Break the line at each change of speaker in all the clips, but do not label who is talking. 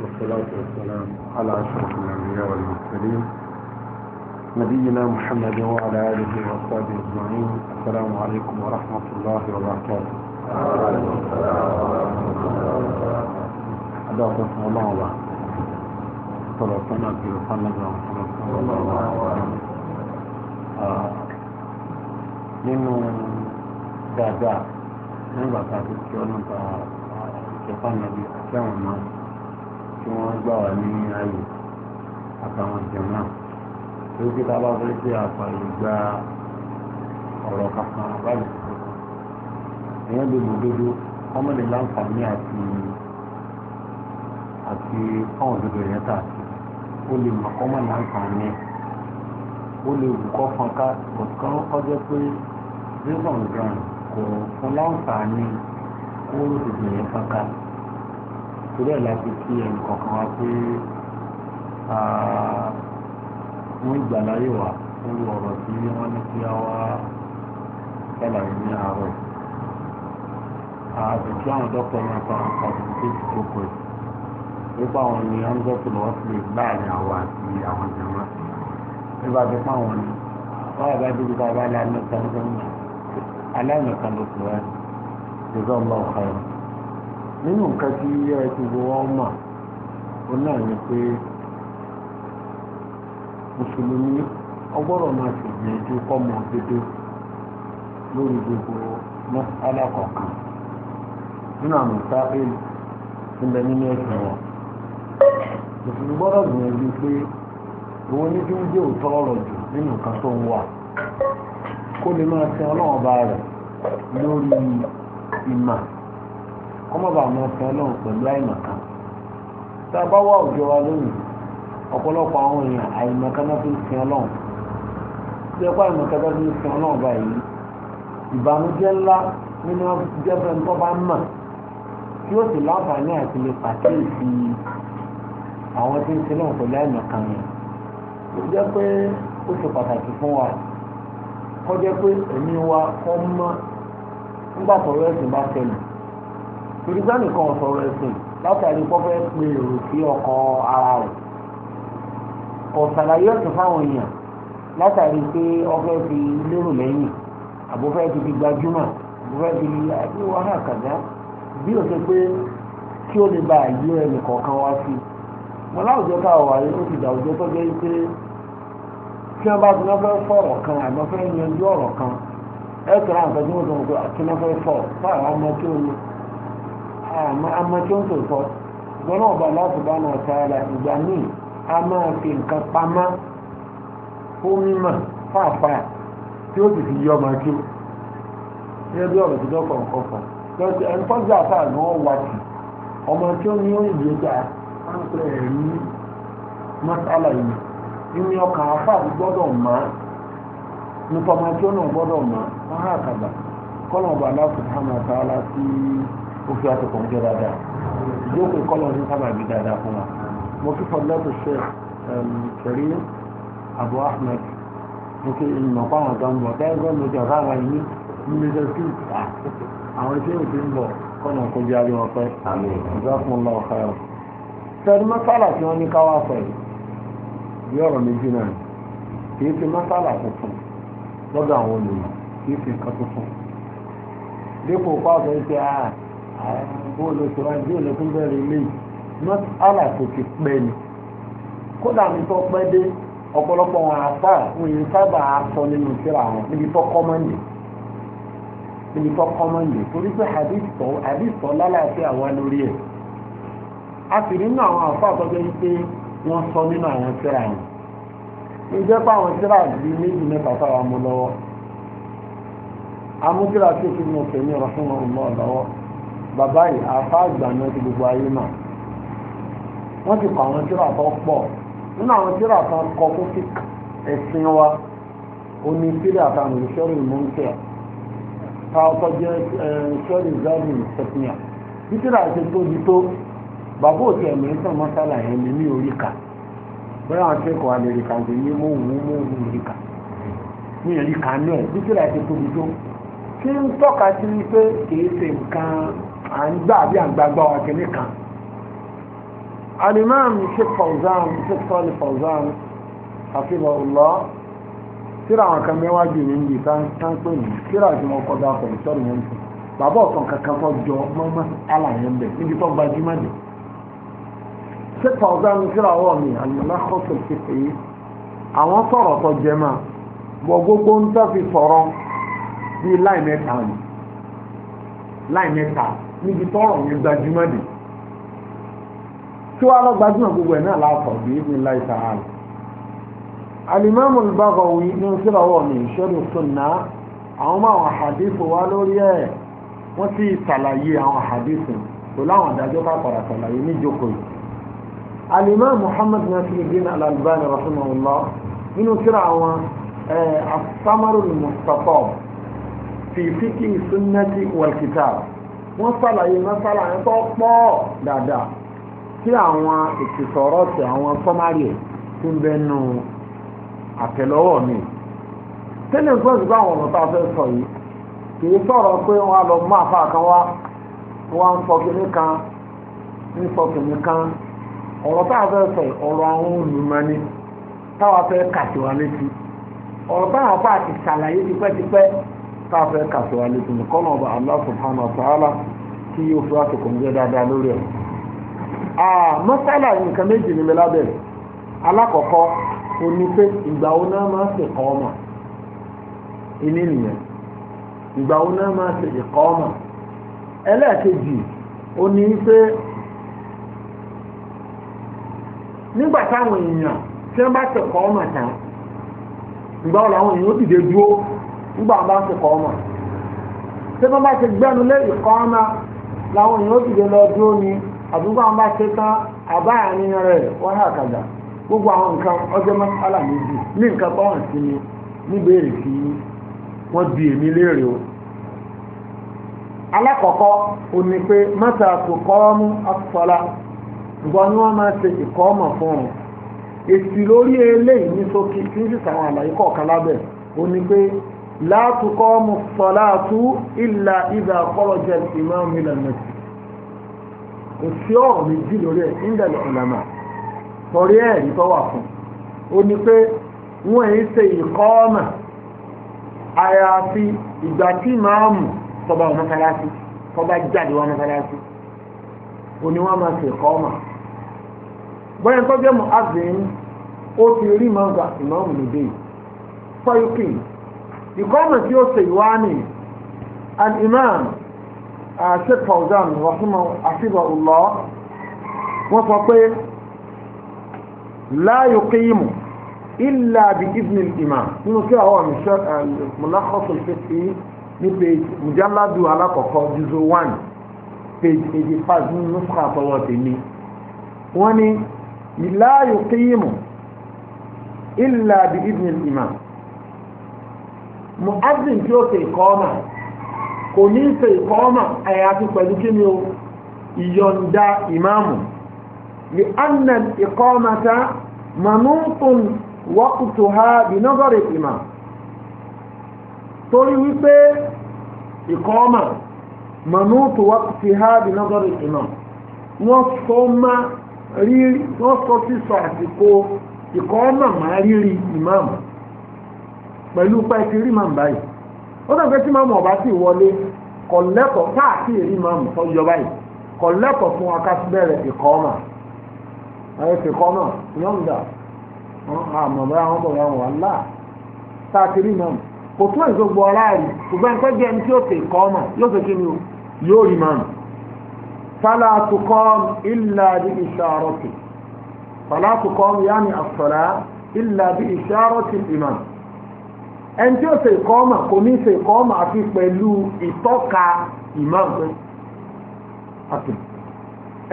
والصلاة والسلام على أشرف الأنبياء والمرسلين نبينا محمد وعلى آله وأصحابه أجمعين السلام عليكم ورحمة الله وبركاته وعليكم السلام ورحمة الله وبركاته. صلى الله عليه وسلم صلى الله عليه وسلم nínú dáadáa nígbà tá a ti ṣe ọ́nà tá a ṣe fáwọn ẹbí àti àwọn máa tí wọ́n gbà wá ní ààyè àtàwọn jẹ̀mọ́ torí pé tábà fẹ́ ṣe àfààyè gba ọ̀rọ̀ kankan báyìí èèyàn lè mọ̀ dodo kọ́mọ̀lì láǹfààní àti àti káwọn òdodo yẹn tà sí ó lè mọ̀ kọ́mọ̀lì láǹfààní ó lè wù kọ́ fọ́nká ọ̀kan kọjá pé zébọ̀n gan kò fún láǹfààní kó òdodo yẹn fọ́nká torí ẹ̀ láti kí ẹnì kọ̀ọ̀kan wá pé wọ́n ìgbàláyè wà lórí ọ̀rọ̀ tí wọ́n ní kí á wá ṣàlàyé ní àárọ̀ àtẹ̀tí àwọn dọ́kítọ̀ náà kan ọ̀dùnkún tó pè nípa àwọn ni wọ́n ń dọ́kítọ̀ lọ́wọ́ sí láàrin àwọn àti àwọn ìjọba nípa ti pa àwọn ni wọ́n yàgbá débi tá a bá lánàá kan lọ́wọ́ aláìmọ̀kan ló pè wá ní ìjọba ọlọ́ọ̀kan nínú nǹkan tí ẹ ti wo wọn ọ ó náà ni pé mùsùlùmí ọgbọ́dọ̀ máa ṣègbìyànjú kọ́mọ dédé lórí gbogbo mọ́sálà kọ̀ọ̀kan nínú àmì sáfẹ́lì tí ń bẹ nínú ẹ̀sìn wọn mùsùlùmí gbọ́dọ̀ gbìyànjú pé ní kí ń òótọ́ ọ̀rọ̀ jù nínú nǹkan tó ń wà kó lè máa kọ́mọ̀bà ọmọ ọ̀fẹ́ ọlọ́run pẹ̀lú àìmọ̀kan tá a bá wà òjò wa lónìí ọ̀pọ̀lọpọ̀ àwọn èèyàn àìmọ̀kan náà fi ń sin ọlọ́run tí ẹ̀kọ́ àìmọ̀kan náà fi ń sin ọlọ́run báyìí ìbànújẹ́ ńlá nínú jẹ́fẹ́ ń tọ́ba mọ̀ tí ó sì láǹfààní àti lè pàkíyèsí àwọn tí ń sin náà pẹ̀lú àìmọ̀kan yẹn ó jẹ́ pé ó ṣe pàtàkì fún wa kọ́ pé ẹ̀mí wa kọ́ mọ́ nígbà tọ́rọ ẹ̀sìn bá ṣẹlẹ̀ torí pé nìkan ọ̀sọ̀rọ̀ ẹ̀sìn látàrí pọ́fẹ́ pe èrò sí ọkọ̀ ara rẹ̀ ọ̀sàlàyé ọ̀sìn fáwọn èèyàn látàrí pé ọfẹ́ fi lérò lẹ́yìn àbúfẹ́ ti fi gbajúmọ̀ àbúfẹ́ fi àbí wàhálà kàdá bí o ṣe pé kí o lè bá àyè ẹnì wá sí i mo láwùjọ ká ọ̀wà yìí ó ti dà òjò tó jẹ́ pé kí kan fẹ́ yanjú ọ̀rọ̀ kan ẹ̀ kìlá wọ́n ama tí ó ń tò sọ gbọ́nà ọba láti bá náà sára ìgbà míì a máa fi nǹkan pama fún mímọ̀ fàáfàá tí o sì fi yọ ọmọ kí ní ẹbí ọ̀rọ̀ tó dọ́kọ̀ nǹkan kan lọ́sẹ̀ ẹni tó gbé ni wọ́n wá tì ọmọ tí ó ní òyìnbó gbà pàǹpẹ́ ẹ̀rí mọ́sálà yìí nínú ọkàn afáà gbọ́dọ̀ ma nípa ọmọ tí náà gbọ́dọ̀ mọ́ wọn ó fi àtòkò ń jẹ dáadáa ìjókòó kọ́lọ̀ ní sábà bí dáadáa fún wa mo kí fọdúlọ́tò ṣe ṣẹ̀rí Abu Ahmed mo kí ìmọ̀ fáwọn tó ń bọ̀ bẹ́ẹ̀ gbọ́n mo jọ fáwọn ẹ̀mí mímísẹ́ sí ìta àwọn iṣẹ́ òfin ń bọ̀ kọ́nà kó jẹ́ ayé wọn pẹ́ ìjọ́kùnlọ́ ọ̀fẹ́ rẹ̀ sẹ́ni mọ́sálà tí wọ́n ní káwá pẹ̀ bí ọ̀rọ̀ méjì náà kì fi mọ́sálà tuntun lọ́dọ̀ àwọn olùmọ̀ kì fi nǹkan tuntun dípò pàṣẹ ń pẹ́ àwọn olùsọ̀rọ̀ àti olùkún bẹ̀rẹ̀ ilé yìí not allah kò ti pẹ́ ni kódà mi tó pẹ́ dé ọ̀pọ̀lọpọ̀ wọn àfà òye sábà sọ nínú síra wọn níbi tó kọ́mọ́ndì níbi tó kọ́mọ́ndì torí pé hadith tó lálàáfíà wá lórí ẹ̀ a sì nínú àwọn àfà àtọ́jọ́ yìí pé wọ́n sọ nínú àwọn síra wọn ìjẹ́ pé àwọn síra bíi méjì mẹ́ta sára mu lọ́wọ́ amúkíra tó fi mọ̀ pẹ̀lú ọ̀rọ̀ fún ọ̀rọ̀ bàbá yìí àfa àgbà náà ti gbogbo ayé mà wọ́n ti kọ àwọn tírà tó pọ̀ nínú àwọn tírà tó kọ tó fi ẹ̀sìn wa oní tírà kan ní sọ́ọ̀rì mọ́ńtẹ́à ta ọkọ̀ jẹ́ sọ́ọ̀rì záàbì sẹ́pìnà bí tírà ṣe tóbi tó bàbá òtí ẹ̀mí ń sàn mọ́sálà yẹn ní ní orí kà bẹ́ẹ̀ àwọn akẹ́kọ̀ọ́ àlèrè kà ń pè ní mọ́wùú mọ́wùú orí kà ní orí kà náà bí tírà ṣe tóbi tó tí ń tọ́ka sí wípé kìí ṣe nǹkan à ń gbà bí àgbàgbà wa kìíní kan alimam sheikh Fawzan sheikh sọ́ọ̀lì Fawzan hafizahullah síra àwọn kan mẹ́wájú mi ń bi tá ń pè mí síra tí wọ́n kọjá pẹ̀lú sọ́ọ̀lì yẹn ti bàbá ọ̀sán kankan tó jọ mọ́mọ́ alàyẹn bẹ̀ níbi tó gbajúmọ̀ dé sheikh Fawzan síra ọwọ́ mi àlùmọ́lá kọ́sọ̀ kékeré àwọn sọ̀rọ̀ tó jẹ́ máa wọ gbogbo ń tẹ́ fi sọ̀rọ̀ bíi láì mẹ́ta ni láì mẹ́ta níbi tọ́rọ̀ yẹn gbajúmọ̀ dì tí wàá lọ gbajúmọ̀ gbogbo ẹ̀ náà láàfọ̀ bí ibi ńlá ìta àlù. alimami Al-Baghawi ní sírọ̀wọ́ mi ìṣẹ́lẹ̀ sunna àwọn máa wọn àhàdìsù wá lórí ẹ̀ wọ́n ti ṣàlàyé àwọn àhàdìsù pẹ̀lú àwọn àdájọ́ ká padà ṣàlàyé níjókòó yìí. alimami Muhammad Nasiruddin Al-Albani rahimahullah nínú sírọ̀ àwọn ẹ̀ mustapha fi fíkì sunnati walkitab wọ́n sàlàyé mọ́sálà yẹn tó pọ̀ dáadáa tí àwọn ìtìsọ̀rọ̀ tí àwọn sọ́márì ẹ̀ tún bẹ́ nu àtẹ̀lọ́wọ̀ mi tẹ́lẹ̀ nǹkan ṣùgbọ́ àwọn ọ̀rọ̀ tá a fẹ́ sọ yìí kì í sọ̀rọ̀ pé wọ́n á lọ mú àfa kan wá wọ́n á ń sọ kìnní kan ń sọ kìnní kan ọ̀rọ̀ tá a fẹ́ sọ yìí ọ̀rọ̀ àwọn olùmọ̀ni táwa fẹ́ kàṣíwá létí ọ̀rọ̀ táwọn afa ti ṣàlàyé tipẹ́tipẹ́ káfẹ́ kàṣẹ́wà létí ní kọ́nà ọba Allah subhanahu wa ta'ala kí yóò fi àsìkò ńjẹ́ dáadáa lórí ẹ̀. mọ́sálà nǹkan méjì ní mẹ́lábẹ̀ alákọ̀ọ́kọ́ o ní pé ìgbà wo náà máa ṣe ìkọ́ ọmọ iní nìyẹn ìgbà wo náà máa ṣe ìkọ́ ọmọ ẹlẹ́ẹ̀kejì o ní pé nígbà táwọn èèyàn tí wọ́n bá ṣe ìkọ́ ọmọ tán ìgbà wo làwọn èèyàn ó dìde dúró. nígbà wọn bá ń ṣèkọ́ ọmọ tí wọ́n bá ṣe gbẹ́nu lé ìkọ́ ọmọ làwọn èèyàn ó dìde lọ dúró ni àdúgbò àwọn bá ṣe tán àbá hà kàdà gbogbo àwọn nǹkan ọjọ́ mọ́sálà méjì ní nǹkan tó hàn sí mi níbèrè wọ́n di èmi léèrè o. alákọ̀ọ́kọ́ ò ní pé mọ́tà ni wọ́n máa ṣe fún un èsì lórí eléyìí ní tí ń sì sàwọn لا تقام الصلاة إلا إذا خرج الإمام من المسجد الشعور بالجيل رẹ̀ عند العلماء torí ẹ̀ ìtọ́wà fún ó ní pé wọ́n èyí ṣe ìkọ́ọ̀mà àyàfi ìgbà tí ìmáàmù tọba wọn mọ́sálásí tọba jáde wọn mọ́sálásí ó ní wọ́n máa ṣe ìkọ́ọ̀mà bọ́yẹn tó jẹ́ mọ́ àgbẹ̀yìn ó ti rí ìmáàmù ìmáàmù nìdéyìí fọ́yúkì ìkọ́mọ̀ tí ó ṣe ìwá ni an imam uh, sheikh fauzan rahimahu afibahullah wọ́n sọ pé la yuqimu illa bi idni imam nínú kí àwọn mi ṣe uh, mulakhas al-fiqhi ní page mujalladu alakọ̀kọ́ juzo one page eighty five nínú nusukọ̀ àtọwọ́ tèmi wọ́n ní la yuqimu illa bi idni imam mu'azzin tí ó ṣe ìkọ́ọ̀mà kò ní í ṣe ìkọ́ọ̀mà àyàfi pẹ̀lú kí ni o ìyọ̀ǹda ìmáàmù li anna ìkọ́ọ̀màta manutun waqtuha binadari ìmáàmù torí wípé ìkọ́ọ̀mà manutun waqtiha binadari ìmáàmù wọ́n sọ ma rírí wọ́n sọ sísọ àsìkò ìkọ́ọ̀mà má rírí ìmáàmù. pẹ̀lú pẹ́ẹ́tì rí màmú báyìí ó dàgbé tí màmú ọ̀bá sì wọlé kọ̀lẹ́kọ̀ káàkiri rí màmú sọ́jọ́ báyìí kọ̀lẹ́kọ̀ fún wa ká bẹ̀rẹ̀ ìkọ́mà káàkiri kò tún èso gbọ́ ṣùgbọ́n ẹni tí ó ti yóò ṣe o yóò rí ẹni tí ó ṣe ìkọ́mà kò ní ṣe ìkọ́mà àfi pẹ̀lú ìtọ́ka ìmáàmù àti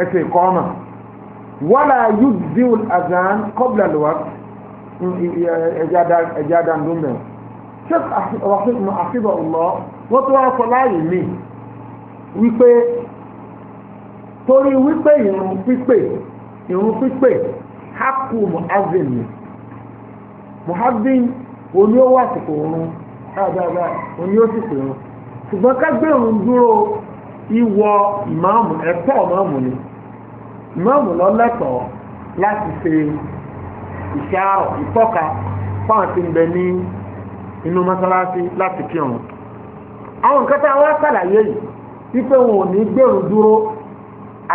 ẹsẹ̀ ìkọ́mà wàlà yúdìú azan kọ́bìlà lọ́wọ́ ẹ̀já dandúmẹ̀ sheikh afibọ ọlọ wọ́n tó wá sọ láàyè mi wípé torí wípé ìrun pípé ìrun pípé hákù muhazin muhazin oní ó wà àsìkò òun dáadáa oní ó sì pè òun ṣùgbọ́n kágbé òun dúró ìwọ ìmáàmù ẹ̀tọ́ ìmáàmù ni ìmáàmù ló lẹ́tọ̀ọ́ láti ṣe ìṣàrọ̀ ìtọ́ka fáwọn tí ń bẹ ní inú mọ́sálásí láti kí ọ̀run àwọn nǹkan tá a wá ṣàlàyé yìí wípé wọn ò ní gbèrú dúró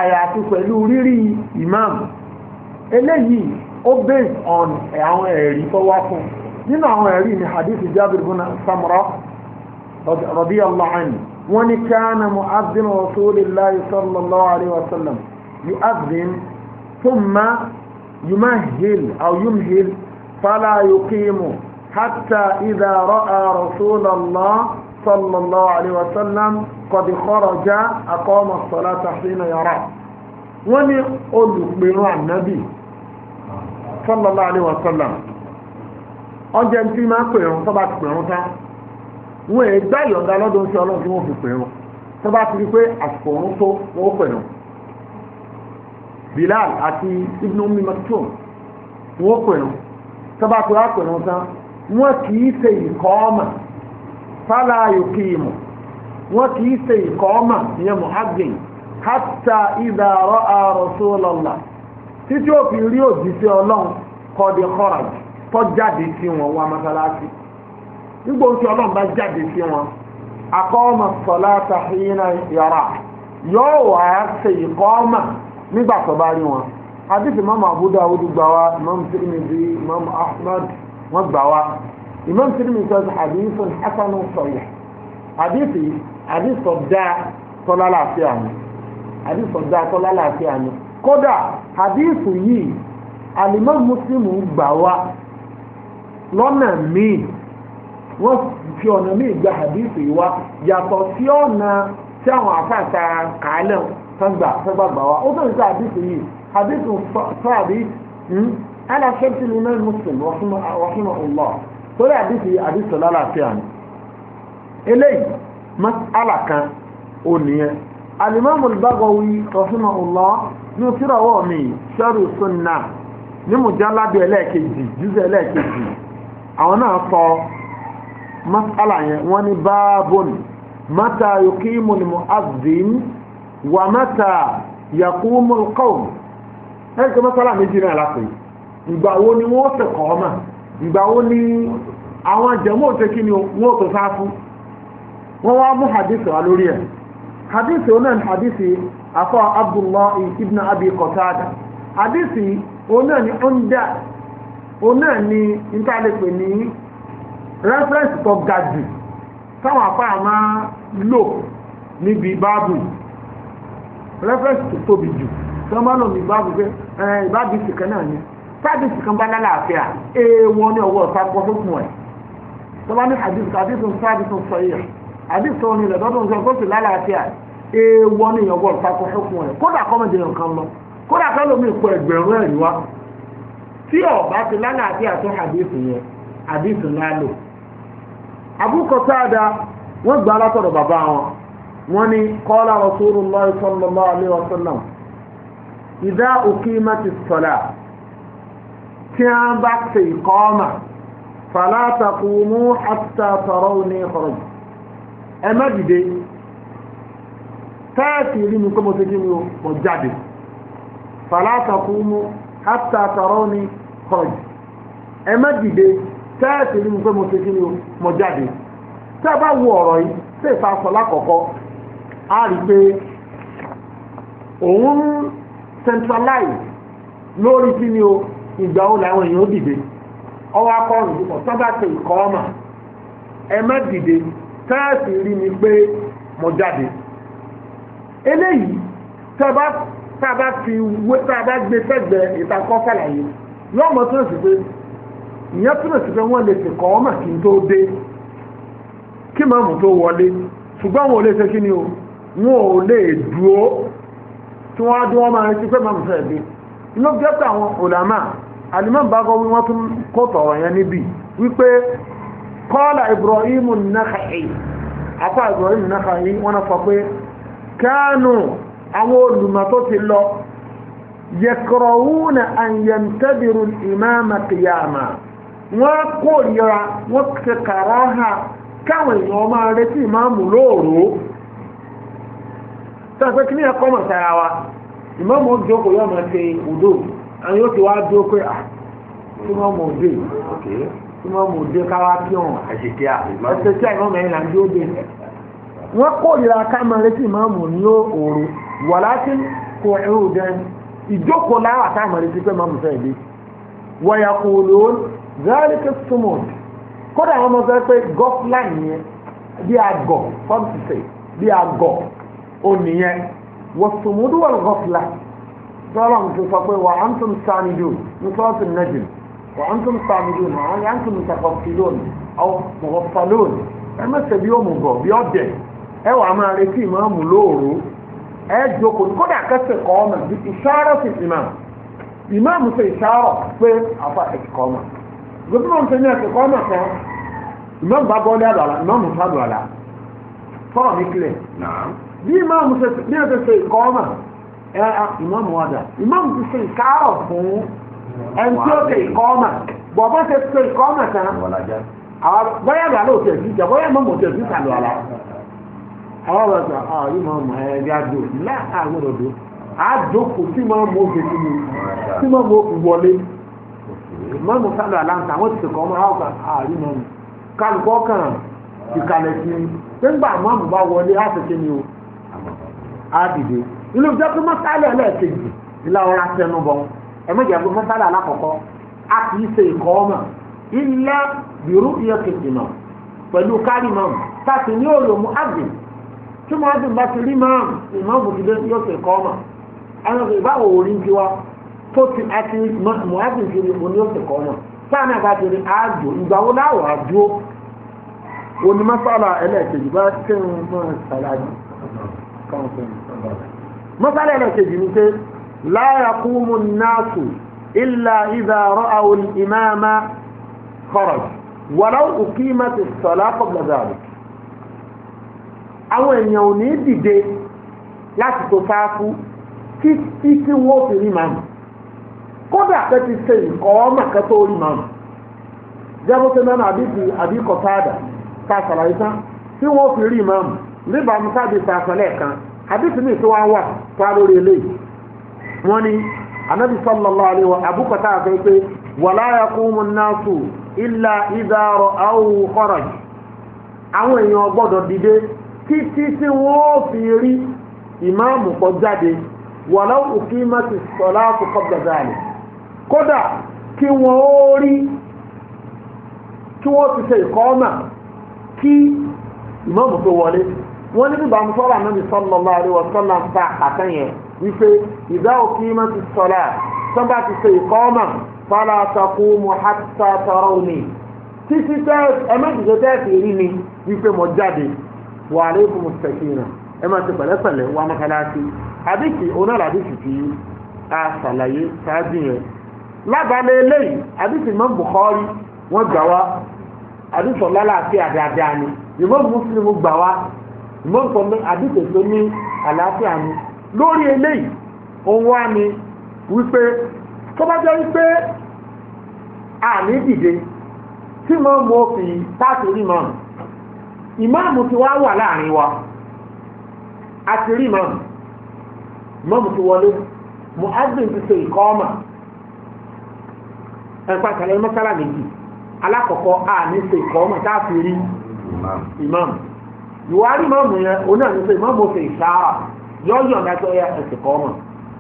àyàfi pẹ̀lú rírí ìmáàmù eléyìí ó based on àwọn ẹ̀rí tó wá fún un nínú àwọn ẹ̀rí ni hadith Jabir bin Samura radiyallahu anhu wọ́n ní kana mu'adhdhin rasulillahi sallallahu alayhi wa sallam yu'adhdhin thumma yumahhil aw yumhil fala yuqimu hatta idha ra'a rasulallah sallallahu alayhi wa sallam qad kharaja aqama as-salata hina yara wọ́n ní olùpẹ̀rún ànábì sallallahu alayhi wa sallam ọjọ́ ẹni tí máa pè ẹ̀rùn tó bá ti pè ẹ̀rùn tán wọn èé gbá ìyọ̀ǹda lọ́dún sí ọlọ́run tí wọ́n fi pè ẹ̀rùn tó bá ti rí pé àsìkò ọ̀run tó wọ́n pè ẹ̀rùn Bilal àti Ibn Ummi wọ́n pè ẹ̀rùn tó bá ti rá pè ẹ̀rùn tán wọ́n kì í ṣe ìkọ́ ọmọ fálá yòókì ìmọ̀ wọ́n kì í ṣe ìkọ́ ọmọ ìyẹn muhaddin hatta idha ra'a Rasulullah títí ó fi rí òjíṣẹ́ ọlọ́run kọ́dí kọ́rajì tó jáde sí wọn wá mọ́sálásí nígbà tí ọlọ́run bá jáde sí wọn akọ́mọ sọláta hìnnà yàrá yóò wá ṣe ìkọ́mọ nígbà tó bá rí wọn hadithi mọ́mọ́ Abu Dawud gbà wá mọ́mọ́ Tirmidhi mọ́mọ́ Ahmad wọ́n gbà wá imam tirmidhi sọ hadithun hasanun sọyẹ hadithi hadithun da tọ́lá láàfíà ni hadithun kódà hadithu yìí alimam muslim gbà wá lọ́nà míì wọ́n fi ọ̀nà míì gba àdìsí wa yàtọ̀ sí ọ̀nà tí àwọn àfàtà kàálẹ̀ sọ́gbà sọ́gbà gbà wá ó bẹ̀rẹ̀ sí àdìsí yìí àdìsí fàbí aláṣẹ́tì ní mẹ́rin mùsùlùmí wàhùnà ọ̀lá torí àdìsí àdìsí lálàáfíà ni eléyìí mas'ala kan ò nìyẹn alimami Bagawi wàhùnà ọ̀lá ní o mi sharh sunnah ní mujalladi ẹlẹ́ẹ̀kejì juz'a ẹlẹ́ẹ̀kejì àwọn náà sọ masala yẹn wọ́n ní báàbùn mata yukimu mu'azzin wa mata yakumu qawm ẹ̀rí pé masala méjì náà láti ìgbà wo ni wọ́n ṣe kọ́ ọ́mà ìgbà wo ni àwọn jẹ̀mú òtẹ́kí ni wọ́n tó sá fún wọ́n wá mú hadith wa lórí ẹ̀ hadith onan hadith afọ abdullahi ibn abi qatada hadith onan ń dá òun náà ni níta ní reference tó ga jù táwọn afárá máa lò níbi báàbù reference tó tóbi jù tí wọ́n máa lò ní báàbù pé ìbáàbù ìsìnkàn náà ni sáàdìsì kan bá lálàáfíà èèwọ̀ ní ọwọ́ ọ̀sá pọ̀ fún ẹ̀ tó bá ní àdìsì àdìsì sáàdìsì sọ yìí àdìsì òun ilẹ̀ lọ́dún sọ fún sí lálàáfíà èèwọ̀ ní ọwọ́ ọ̀sá pọ̀ fún ẹ̀ kódà kọ́mọ̀dé nǹkan lọ kódà kọ́lọ́mì pọ̀ ẹgbẹ̀rún ẹ̀rí wa tí ọba ti lálàáfíà tó hadith yẹn hadith ńlá lò abúkọ sáàdà wọ́n gbà látọ̀dọ̀ bàbá wọn wọ́n ní sallallahu alaihi wasallam idha uqimatis salat tí a bá ti iqama fala taqumu hatta tarawni kharaj ẹ má dìde tẹ́ẹ̀tì rí mi kó mo ṣe kí mi jáde kọ́ọ̀jù ẹ má dìde tẹ́ẹ̀sì rí mi pé mo ṣe kí ni mo jáde tẹ́ ẹ bá wo ọ̀rọ̀ yìí ṣé ìfà sọ lákọ̀ọ́kọ́ á rí i pé òun centralize lórí kí ni o ìgbà wo làwọn èèyàn dìde ọwọ́ akọrin ìdúpọ̀ sábà ṣe ìkọ́ ọmọ ẹ má dìde tẹ́ẹ̀sì rí mi pé mo jáde eléyìí tẹ́ ẹ bá tá a bá fi wé tá a bá gbé sẹ́gbẹ̀ẹ́ ìtakọ́ sàlàyé yóò mọ túnà sí pé ìyẹn túnà sí pé wọ́n lè fi kọ́ ọmọ kí n tó dé kí màmù tó wọlé ṣùgbọ́n wọn ò lè ṣe kí ni o wọn ò lè dúró tí wọ́n á dún wọn máa retí pé màmù fẹ́ dé inú jẹ́ pé àwọn òlàmà alimọ́ bàgọ́ wí wọ́n tún kó tọ̀rọ̀ yẹn níbí wípé kọ́lá Ibrahim Nakhai afa Ibrahim Nakhai wọ́n náà sọ pé kánú àwọn olùmọ̀ tó ti lọ yẹkọrọ̀wúnà àyẹ̀ntẹ́bìrù ìmáàmà kìyàmà wọ́n nwa wọ́n ti kàrá ha káwọn èèyàn máa retí ìmáàmù lóòrò tàbí kí ní ẹ̀kọ́ mọ̀ sára wa ìmáàmù jókòó yóò máa ṣe òdò àwọn yóò ti wá dúró pé ah, à tí wọ́n mọ̀ òde tí wọ́n mọ̀ òde káwá kí wọn àṣetí ìjókòó láwà táwọn àrètí pé màmú fẹ́ẹ́ dé wọ̀yà kò ló ń zálíkì súnmọ̀ kódà àwọn ọmọ sọ pé gọ́fúláì yẹn bí àgọ̀ fọ́ǹtìsẹ̀ bí àgọ̀ ònìyẹn wọ́n sùnmùdú wọn gọ́fúláì tọ́lọ̀ ń sọ pé wà á ń tún sáni dùn ní sọ́ọ̀tì nẹ́jìn wà á ń tún sáni dùn àwọn yà ń tún mùtàkọ̀fìlón àwọn mọ̀kọ̀fàlón ẹ mẹ́sẹ̀ bí ó mú bọ̀ bí ọ̀dẹ̀ ẹ jókòó ní kódà kẹsẹ̀ kọ́ ọ́ mọ̀ bí ìṣàrọ̀ sí imam imam sọ ìṣàrọ̀ pé afa ẹ̀sìn kọ́ ọ́ mọ̀ gbogbo náà ń sọ ní ẹ̀sìn kọ́ ọ́ mọ̀ kan imam bá bọ́ọ̀lì àlọ́lá imam fa àlọ́lá fọ́ọ̀ mi kílẹ̀ bí imam sọ bí ẹ sọ ìkọ́ ọ́ mọ̀ ẹ imam wà dà imam ti sọ ìṣàrọ̀ fún ẹni tí ó sọ ìkọ́ ọ́ mọ̀ bọ̀ bá sọ ìkọ́ ọ́ mọ̀ kan bọ́yá àlọ́ àwọn ọ̀rọ̀ sọ ọ ah, yìí máa mọ ẹ̀ẹ́dí àdó ńlá àgbọ̀dọ̀ dó àdókò tí máa mọ òfin kí ni tí máa mọ wọlé máa mọ sálọ àlàǹtà àwọn tìṣe kan máa wà ààrí ah, máa mọ kálukọ́ kàn ìkàlẹ̀ sí i nígbà máa mọ bá wọlé á ti kí ni o á dìde ilé ìjọ pé mọ́sálẹ̀ ẹlẹ́ẹ̀kejì ńlá ọ̀rá sẹ́nu bọ̀ ẹ méjì àgbo mọ́sálẹ̀ alákọ̀ọ́kọ́ á kì í ṣe ìkọ́ ọmọ ilẹ̀ bìrú iyẹ̀kejì náà pẹ̀lú kárì náà tàbí ní òòlù mu ágbè tí mo ti bá ti rí máa ìmọ̀ òbòdìdé yóò ṣe kọ́ ọmọ àwọn ọ̀sẹ̀ ìbáwò orí ti wá tó ti àti mọ̀hábì ti rí oní yóò ṣe kọ́ ọmọ sáà náà bá ti rí àjò ìgbà wo láwọ̀ àjò oní ẹlẹ́ẹ̀kejì bá ṣe ń mọ́ ṣàlàyé kan fún mi. mọ́sálà ẹlẹ́ẹ̀kejì ni pé láyà kú mu náàtù ilà ìdá àrọ́ àwọn ìmáàmá kọ̀rọ̀ wàlá òkú ìmọ̀ ti sọ̀lá kọ̀ àwọn èèyàn ò ní dìde láti tó sáfù títí fi rí màmù kódà pé ti ṣe nǹkan ọmọ kan tó rí màmù jẹ́bùsẹ̀ náà àbíkì àbíkọ̀ sáàdà tá ta ṣàlàyé tán tí wọ́n fi rí màmù nígbà mùsàbí ìfàṣọlẹ̀ kan àbíkì mi tí wọ́n wà tó a lórí anabi wa abúkọ̀ tá a pé illa àwọn èèyàn títí tí wọ́n fi rí ìmáàmù kọ jáde wàlá òkè mẹ́tì sọ̀lá àkọ́kọ́ gbàdáàlì kódà kí wọ́n ó rí kí wọ́n ti ṣe ìkọ́ọ́mà kí ìmáàmù tó wọlé wọ́n ní bíbá mu sọ́lá náà ní sọ́lá ọ̀la rí wọ́n sọ́lá ń ta àtẹ̀yẹ wípé ìdá òkè mẹ́tì sọ̀lá sọ́ba ti ṣe ìkọ́ọ́mà fàlà àtàkù mọ̀hátà tàrà títí tẹ́ ẹ̀mẹ́tì tó tẹ́ fi rí ni wípé mo jáde wà alaykum as-sakina ẹ máa ti pẹ̀lẹ́pẹ̀lẹ́ wà mọ́kálásí àdìsí onára àdìsí tí a ṣàlàyé ṣáájú yẹn lábàálẹ̀ eléyìí àdìsí Imam Bukhari wọ́n gbà wá àdìsí ọ̀làlàáfíà dáadáa ni Imam Muslim gbà wá Imam sọ̀mí àdìsí tó ní àlàáfíà ni lórí eléyìí òun wá ni wípé tó bá jẹ́ wípé àní dìde tí mo mọ̀ fi táàtì orí mọ́ ìmáàmù ti wá wà láàrin wa a ti rí ìmáàmù ìmáàmù ti wọlé mu'azzin ti ṣe ìkọ́ọ̀mà ẹ̀pá tẹ̀lé mọ́sálà méjì alákọ̀ọ́kọ́ a ní ṣe ìkọ́ọ̀mà tá a fi rí ìmáàmù ìwárí ìmáàmù yẹn oní àti ṣe ìmáàmù ṣe ìṣáà yọ̀ọ́yọ̀ ọ̀dájọ́ yẹ ẹ̀sìn kọ́ọ̀mà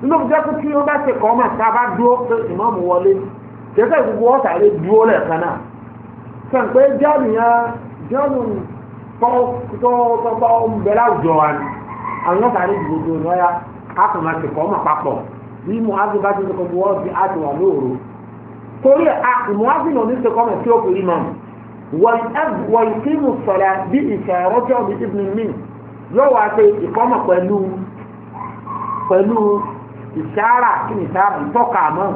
nínú ìjẹ́ kó kí wọ́n bá ṣe kọ́ọ̀mà tá a bá dúró pé ìmáàmù wọlé kẹ́kẹ́ ìgbogbo ọ̀tà lè dúró lẹ́ẹ̀kan náà sàn pé jáde yẹn jáde tọ́tọ́tọ́ ń bẹ wa ni àwọn gbogbo lọ́yà akọ̀mọ̀ ti kọ́ ọmọ papọ̀ bí mo bá ti sọ̀kọ̀ wọ́n fi á ti wà torí tí o kiri rí mọ̀ wọ́n kí mo sọ̀rọ̀ bí mi mi yóò wá pẹ̀lú pẹ̀lú kí ni ìtọ́ka àmọ́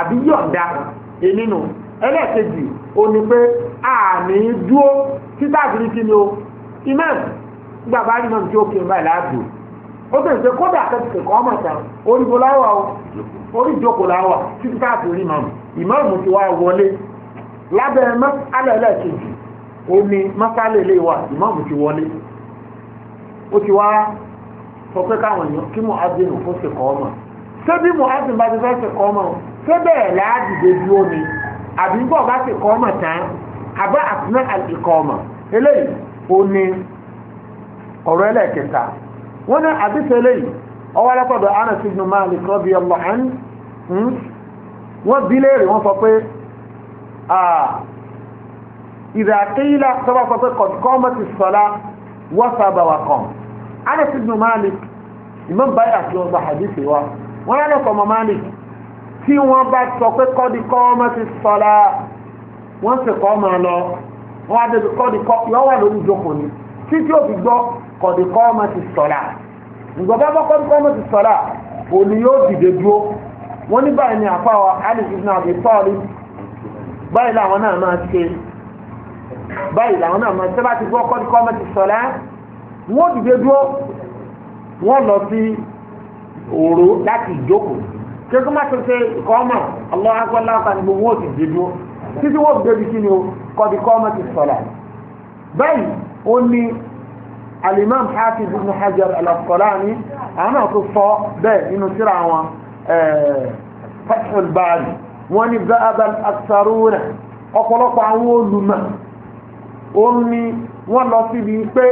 àbí nù. ẹlẹ́ẹ̀kejì ó ní pé àmì dúó títà àbírí kí ni o iná gbàgbá ní mọ̀mí tí ó kí n báyìí láàbò ó sì ń pé kódà akẹ́kọ̀ọ́ kan mọ̀ sàn oríbo láwà o orí ìjókòó láwà títí káàkiri rí mọ̀mí ìmọ̀mù ti wá wọlé lábẹ́ mọ́sálẹ̀ ẹlẹ́ẹ̀kejì ó ní mọ́sálẹ̀ ilé wa ìmọ̀mù ti wọlé ó ti wá sọ pé káwọn èèyàn kí mọ̀ádìrún kó ṣe kọ́ ọmọ ṣé bí mọ̀ádìrún bá ti fẹ́ ṣe kọ́ ọmọ ṣé bẹ́ẹ̀ láàdìde dúró ni àbí bọ̀ bá ti kọ́ ọmọ tán àbá àtúná àìkọ́ ọmọ eléyìí ó ní ọ̀rọ̀ ẹlẹ́ẹ̀kẹta wọ́n ní àdìsẹ́ eléyìí ọwọ́ alẹ́kọ̀dọ̀ Anas ibn Malik radiyallahu anhu hmm? wọ́n bí léèrè wọ́n sọ pé ìdá àkéyílá tó bá sọ pé kọ̀ọ̀mọ́ ti sọ̀lá wọ́n sábà wà kàn Anas ibn Malik Imam Bayhaqi àti ọgbà àdìsẹ́ wa wọ́n lọ́kọ̀ tí wọ́n bá sọ pé kọ́dí kọ́ ọmọ ti sọ̀la wọ́n sì kọ́ ọmọ lọ wọ́n á débi kọ́dí kọ́ yọ wà lórí ìjókòó ni títí ó fi gbọ́ kọ́dí kọ́ ọmọ ti sọ̀la ǹgbọ́n bá bá kọ́dí ọmọ ti sọ̀la òní yóò dìde dúró wọ́n ní báyìí ni àpá wa Ali ibn Abi Talib báyìí làwọn náà máa ṣe báyìí làwọn náà máa ṣe bá ti gbọ́ kọ́dí kọ́ ọmọ ti sọ̀la wọ́n dìde dúró wọ́n lọ sí òru láti ìjókòó ṣé kó má tó ṣe ìkọ́ ọmọ Allahu akbar láǹkà ni gbogbo òsì dé dúró títí wọ́n fi débi kí ni o kọ́bi kọ́ ọmọ ti sọ̀rọ̀ bẹ́ẹ̀ ó ní alimam hafiz ibn hajar al-asqalani àwọn náà tó sọ bẹ́ẹ̀ nínú síra wọn fathul bari wọ́n ní zaabal asaruna ọ̀pọ̀lọpọ̀ àwọn olùmọ̀ ó ní wọ́n lọ síbi pé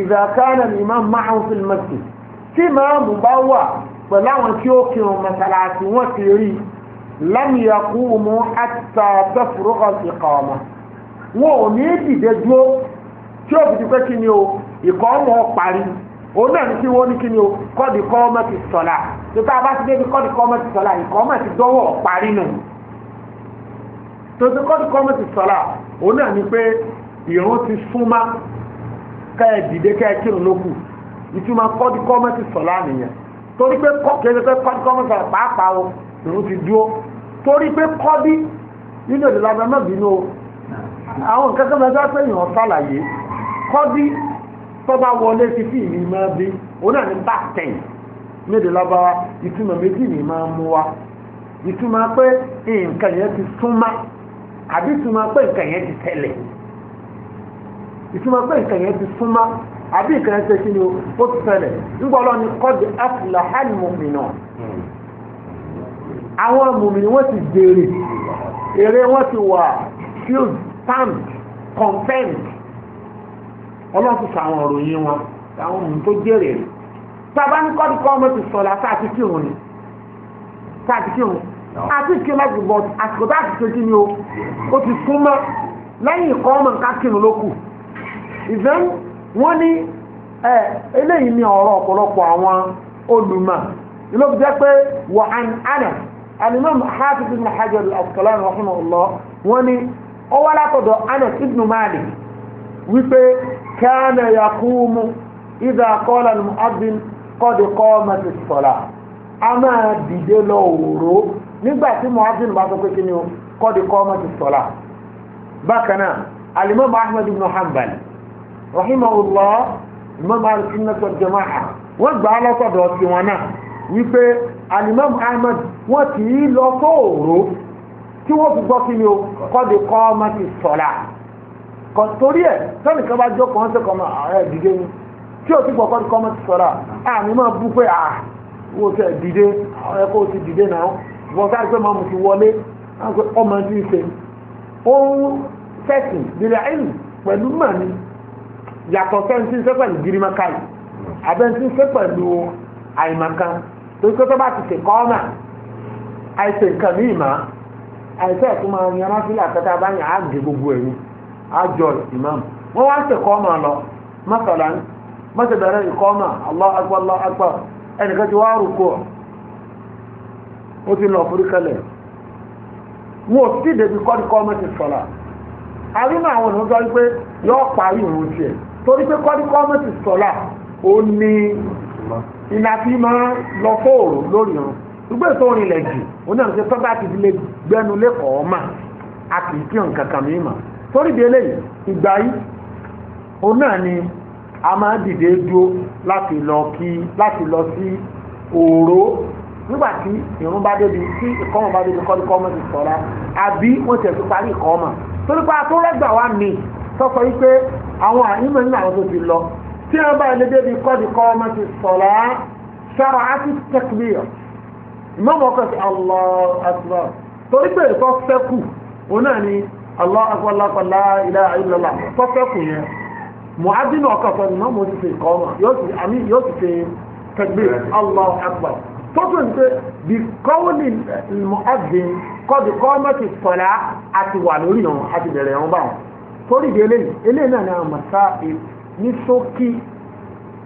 ìzàkánà imam ma'un fil masjid tí màámu bá wà pẹ̀lú àwọn tí ó kírun mọ́sálásí wọ́n ti rí lẹ́mìíyàkú mu àtà bẹ́fùrú ọ̀sì kọ̀ọ̀mọ̀ wọn ò ní dìde dúró tí ó fi di pé kí ni o ìkọ́ ọmọ parí òun náà ní kí wọ́n ní kí ni o kọ́ọ̀dì kọ́ ọmọ ti sọ̀la tó bá ti débi kọ́ọ̀dì kọ́ ọmọ ti sọ̀la ìkọ́ ọmọ ti dọ́wọ́ parí nù tòtí kọ́ọ̀dì kọ́ ọmọ ti sọ̀la òun náà ní pé ìrún ti súnmá ká ẹ dìde ká kọ́ọ̀dì kọ́ ọmọ ti sọ̀la nìyẹn torí pé kẹ́sẹ̀ pé kọ́dí kọ́mọ́sà pàápàá o lòun ti dúró torí pé kọ́dí nínú èdè lábẹ́ náà bínú o àwọn nǹkan tó máa dápẹ́ èèyàn ṣàlàyé kọ́dí tó bá wọlé sí sí ìlú máa bí òun náà ní back ten ní èdè lábáwá ìtumọ̀ méjì ní máa mú wa ìtumọ̀ pé nǹkan yẹn ti súnmá àbí ìtumọ̀ pé nǹkan yẹn ti tẹ̀lẹ̀ ìtumọ̀ pé nǹkan yẹn ti súnmá àbí nǹkan ṣe kí ni o ó ti fẹlẹ̀ nígbà ọlọ́run ni kọ́ọ̀dù afúlà hàlùmùmí náà àwọn mùmí wọ́n ti jèrè èrè wọ́n ti wà filled stamped confirmed ọlọ́run ti sàwọn òròyìn wọn àwọn mùmí tó jèrè rè tàbá ní kọ́ọ̀dù kọ́ ọmọ ti sọ̀rọ̀ àti kírun ni àti kírun àti kírun láti bọ̀ àsìkò tá a ti ni o ó ti súnmọ́ lẹ́yìn ìkọ́ ọmọ nǹkan kírun ló kù ìfẹ́ wọ́n ní eléyìí ni ọ̀rọ̀ ọ̀pọ̀lọpọ̀ àwọn olùmọ̀ ló jẹ́ pé wà án ànà alimam hafiz ibn hajar al-asqalani rahimahullah wọ́n ní ó wá látọ̀dọ̀ anas ibn malik wípé kana yakumu idha qala al-mu'adhdhin qad qamat as-salah a máa dìde lọ òòró nígbà tí mu'adhdhin bá sọ pé kí ni bákan náà alimam ahmed ibn rahimahullah imam al-sunnah wal jamaa'ah wọ́n gbà á lọ́sọ̀dọ̀ tiwọn náà wípé alimam ahmed wọ́n ti í lọ sóòrò tí wọ́n fi gbọ́ kí ni o kọ́de kọ́ ọmọ ti sọ̀la kọ́ torí ẹ̀ sọ́ni kan bá jọ kàn án sẹ́kọ̀ọ́ ah, ẹ̀ dìde ni tí o ti gbọ́ kọ́de kọ́ ọmọ ti sọ̀la àmì máa bú pé àà ah, wo ti dìde ẹ̀ kó ti dìde náà wọ́n sáré pé màmú ti wọlé ọmọ ti ń ṣe òun fẹ̀sìn bìrẹ̀ ẹ̀yìn màmí yàtọ̀ sẹ́ni tí ń ṣe pẹ̀lú girimaka yìí tí ń ṣe pẹ̀lú àyìnmaka torí tó bá ti ṣèkọ́ ọ̀nà àìsè nǹkan ní ìmọ̀ àìsè ẹ̀kú máa ní ọmọ sílẹ̀ àtẹ́tẹ́ abáyàn á gé gbogbo ẹ̀rú àjọ ìmọ̀ wọ́n wá ń ṣèkọ́ ọ̀nà lọ ń bẹ̀rẹ̀ ẹnìkan ti wá ó ti lọ wọn torí pé kọ́díkọ́mọ́tì sọ́là ó ní ìlàfí máa lọ fóòrò lórí ọ̀run gbogbo ètò orin ilẹ̀ jù ó náà ṣe tọ́gbà ti lè gbẹnu lẹ́kọ̀ọ́ mà á kì í kíhàn kankan mi mà torí di eléyìí ìgbà yìí ó náà ni a máa dìde dúró láti lọ kí láti lọ sí òòró nígbà tí ìrún bá débi tí ìkọ́mọ̀ bá débi kọ́díkọ́mọ́tì sọ́là àbí wọ́n ti ẹ̀ tó parí ìkọ́mọ̀ torí pé atúrẹ́gbà wa mi sọ sọ pé àwọn àyínmọ̀ nínú àwọn tó ti lọ tí wọ́n bá ilé débi kọ́ọ̀dì kọ́ ọmọ ti sọ̀rọ̀ á sára á ti tẹ̀kìlìyà ìmọ̀mọ́ kan sí Allahu akbar torí pé ìtọ́ sẹ́kù òun náà ni Allahu akbar lápàlá ilá ìlọ́lá tọ́ sẹ́kù yẹn mu'adínú ọkàn sọ ìmọ̀mọ́ ti fi kọ́ ọmọ yóò ti fi tẹ̀gbé Allahu akbar tó tún bí kọ́wọ́lì mu'adín kọ́ọ̀dì kọ́ ọmọ ti sọ̀rọ̀ àti wà lórí wọn àti bẹ̀rẹ̀ wọn báwọn torí ìdí eléyìí eléyìí náà ni àwọn màsá ní ṣókí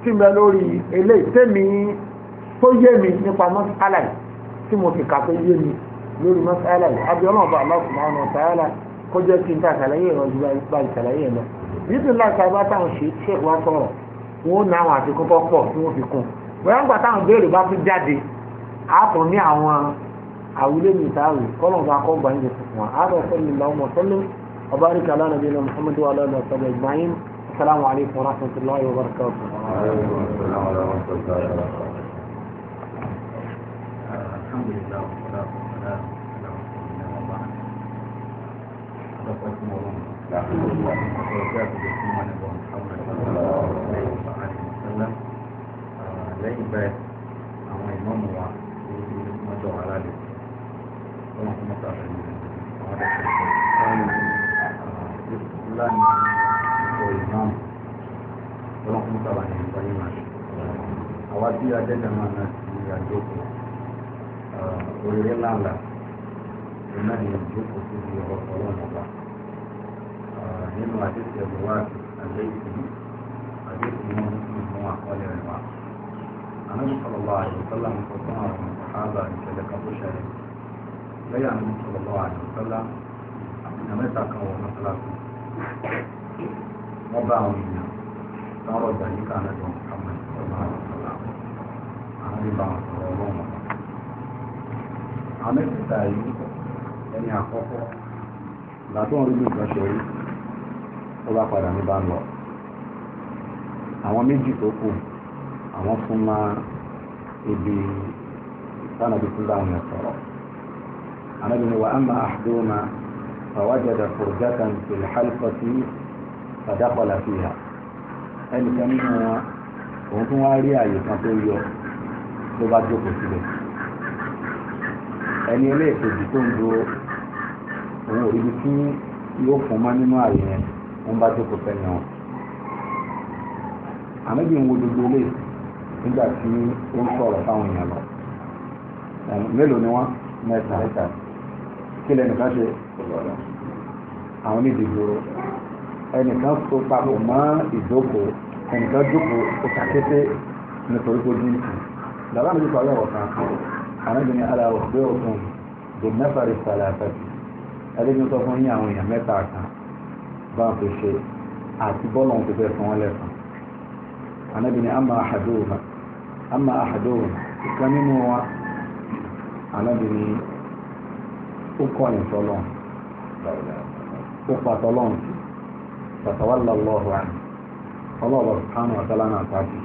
tí mo lórí eléyìí tẹ́mi tó yé mi nípa mọ́sálà yìí tí mo fi kà tó yé mi lórí mọ́sálà yìí abiola ọba aláṣùmọ́ ọ̀nà ọ̀tàyàlà kó jẹ́ kí n ta àtàlẹ́yìn ẹ̀rọ ju bá ìtàlẹ́yìn lọ nítorí láti abá táwọn ṣe ṣe wá sọ̀rọ̀ wọn ó ná àwọn àfikún tó pọ̀ tí wọ́n fi kún bóyá nígbà táwọn béèrè bá tún jáde àtún ní àwọn àwílé mi ìtàwé وبارك على نبينا محمد وعلى اله وصحبه اجمعين السلام عليكم ورحمه الله وبركاته. وعليكم السلام ورحمه الله وبركاته. الحمد لله والصلاه والسلام على رسول الله وبعد. حفظكم الله وبركاته الله محمد صلى الله عليه وآله وسلم. لين fúlàní ọ̀ ìmáà ọlọ́run fún bàbá ní ìgbà yìí máa àwa bí adẹ́gbẹ̀ máa náà ti rí àjókòó oríire ńláńlá iná ní ìjókòó sí ibi ọ̀rọ̀ ọlọ́run ọba nínú àdéhùn ẹ̀bùn wa àdéhùn àdéhùn wọn ní mú àkọọ́lẹ̀ rẹ̀ wá àwọn sọlọ́wọ́ àyọ̀kọ́lá ń sọ fún àwọn àbá ìṣẹ̀lẹ̀ kábóṣẹ̀lẹ̀ lẹ́yìn àwọn sọlọ́wọ́ àyọ̀kọ́lá àti ìyàmẹ́ta kan wọ̀ mọ́tàlá fún wọ́n bá àwọn èèyàn ka rọ̀ gbà níkà lẹ́gbọ̀n àmọ́ ìjọba àwọn ọ̀la àwọn ìbá àwọn sọ̀rọ̀ ọlọ́run. àwọn mẹ́tẹ̀ẹ̀ta yìí ẹni àkọ́kọ́ làtọ́ orí nìkan ṣe rí ó bá padà ní bá lọ àwọn méjì tó kù àwọn fún ibi فوجد فرجة في الحلقة فدخل فيها ẹnì kan nínú wọn òun tún wá rí àyè kan tó yọ tó bá jókòó síbẹ̀ ẹni eléèkejì tó ń do òun ò ibi tí yóò fún mọ́ nínú àyè yẹn òun bá jókòó sẹ́yìn wọn àmọ́bí ń wo gbogbo ilé nígbà tí ó ń sọ̀rọ̀ fáwọn èèyàn lọ mélòó ni wọ́n mẹ́sàn kí lẹ́nu ká ṣe àwọn méjì dúró ẹnìkan so papọ̀ mọ́ ìjókòó ẹnìkan jókòó ó takété nítorí kó dín kù bàbá mi sọ ọlọ́wọ́ kan àwọn ẹbí ní aláwọ̀ gbé òkun dè mẹ́fàrí sàlàfẹ́tì tó pa tọ́lọ́run tàtàwálà lọ́ọ̀rọ̀ àná ọlọ́ọ̀bà sùpánù ọ̀tálá náà tàbí.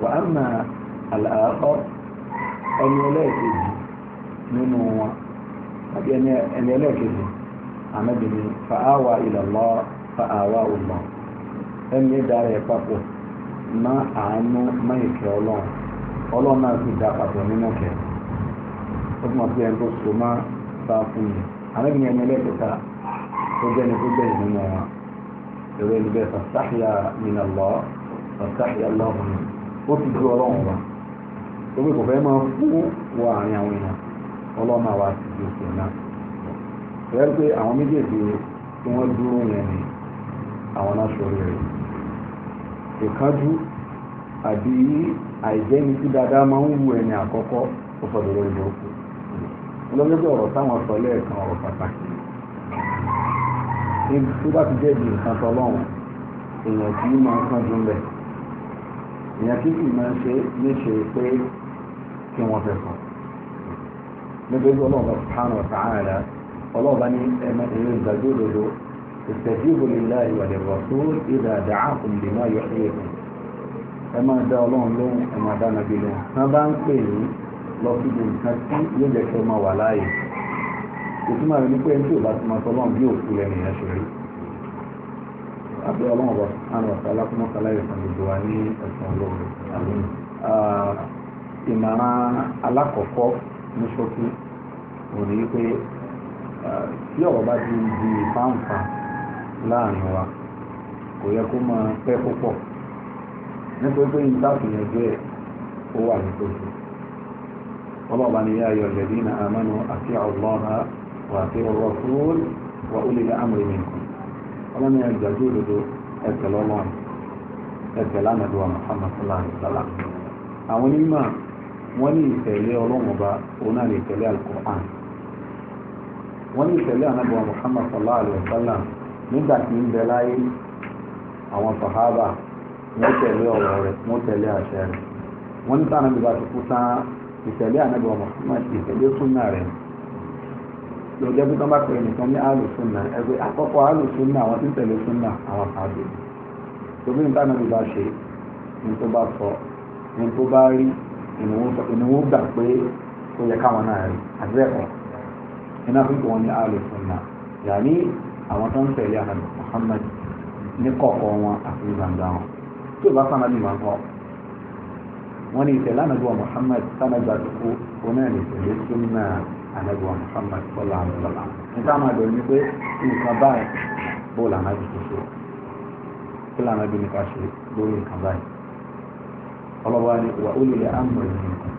wà á mà àlàáfọ́ ẹni ẹlẹ́ẹ̀kejì nínú wọn tàbí ẹni ẹlẹ́ẹ̀kejì ànábìnrin fàáwà ila fàáwà ọ̀gbọ̀n ẹni dára ẹ̀ papọ̀ má ma má ma ọlọ́run ọlọ́run náà ma dá papọ̀ nínú kẹ́ àwọn na ní ẹlẹ́kẹta tó na tó jẹ́ ìnínú wọn èrò ìlúbẹ̀ fàṣáhìá nínú lọ fàṣáhìá lọ́hùn ó ti ju ọlọ́run wa ó pé kò fẹ́ máa fún wọ lọ́lọ́dọ̀ ọ̀rọ̀ táwọn sọ lẹ́ẹ̀kan ọ̀rọ̀ pàtàkì tó bá ti jẹ́ ibi nǹkan tọ́lọ́run èèyàn kì í máa kán dùn bẹ́ẹ̀ èèyàn kì í máa ṣe léṣe pé kí wọ́n fẹ́ sọ nítorí ọlọ́ọ̀bá sùpánù ọ̀tàhánà ọlọ́ọ̀bá ní ẹ̀mọ èrè ìgbàgbọ́ òdodo ìtẹ̀síwò lílá ìwàlẹ̀ rọ̀tún ìdá àdáhùn lè má yọ máa dá ọlọ́run máa dá nàbí lọ sí ibi nǹkan tí yóò jẹ́ kí ọmọ wà láàyè ìtumọ̀ rẹ̀ ni pé ẹni tí ò bá ti máa tọ́lọ́run bí òkú lẹ́nu ìyá ṣe rí àbí ọlọ́run bọ̀ sánú ọ̀sán alákùnmọ́ta láyé san gbogbo wa ní ẹ̀sán olóore ìmọ̀ràn alákọ̀ọ́kọ́ ní ṣókí ò ní pé tí ọ̀rọ̀ bá ti di fáǹfà láàrin wa kò yẹ kó máa pẹ́ púpọ̀ nítorí pé ìdáàbò yẹn jẹ́ ó wà nítòsí. طلبني يا yáyọ̀ lẹ́dínà آمنوا أطيعوا الله wà الرسول وأولي fúrúwúrú منكم ó lè dá àmọ̀ ìmì nǹkan ọlọ́ni ẹgbẹ̀jú òdodo ẹgbẹ̀ lọ́wọ́n ẹgbẹ̀ lánàdúwà Muhammad sallallahu alaihi wasallam àwọn onímọ̀ wọ́n ní ìtẹ̀lé ọlọ́mọba oná ní ìtẹ̀lé alukur'an wọ́n ní ìtẹ̀lé ànàdúwà Muhammad sallallahu alaihi wasallam nígbà tí ń bẹ láyé àwọn sàhábà wọ́n tẹ̀lé ọ̀rọ̀ rẹ̀ wọ́n tẹ̀lé àṣẹ rẹ̀ wọ́n ní sànàdúwà ti kú sáà ìtẹ̀lé ànábọ̀ Muhammad ìtẹ̀lé súnà rẹ̀ lọ́jọ́ bí wọ́n bá pè nìkan ní àlùsúnà ẹgbẹ́ àkọ́kọ́ àlùsúnà àwọn tí ń tẹ̀lé súnà àwọn pàdé tóbi nípa náà bí bá ṣe ní tó bá sọ ní tó bá rí ìnáwó gbà pé ó yẹ káwọn náà rí àgbẹ̀kọ̀ iná fún wọn ní àlùsúnà yàní àwọn tó ń tẹ̀lé ànábọ̀ Muhammad ní kọ̀ọ̀kọ̀ wọn àti ìgbàgbà wọn tí ò bá sànà wọ́n ní ìtẹ̀lé anabiwa muhammad sanadu àtúkú oní ẹni ìtẹ̀lé súnmọ́ anabiwa muhammad sọlá àlùsọlá nígbà máa bẹ̀rẹ̀ ní pé nǹkan báyìí bóòlù anabi tó ṣe bóòlù anabi ní ká ṣe lórí nǹkan báyìí ọlọ́wọ́ ni wà ó lè amúre nìkan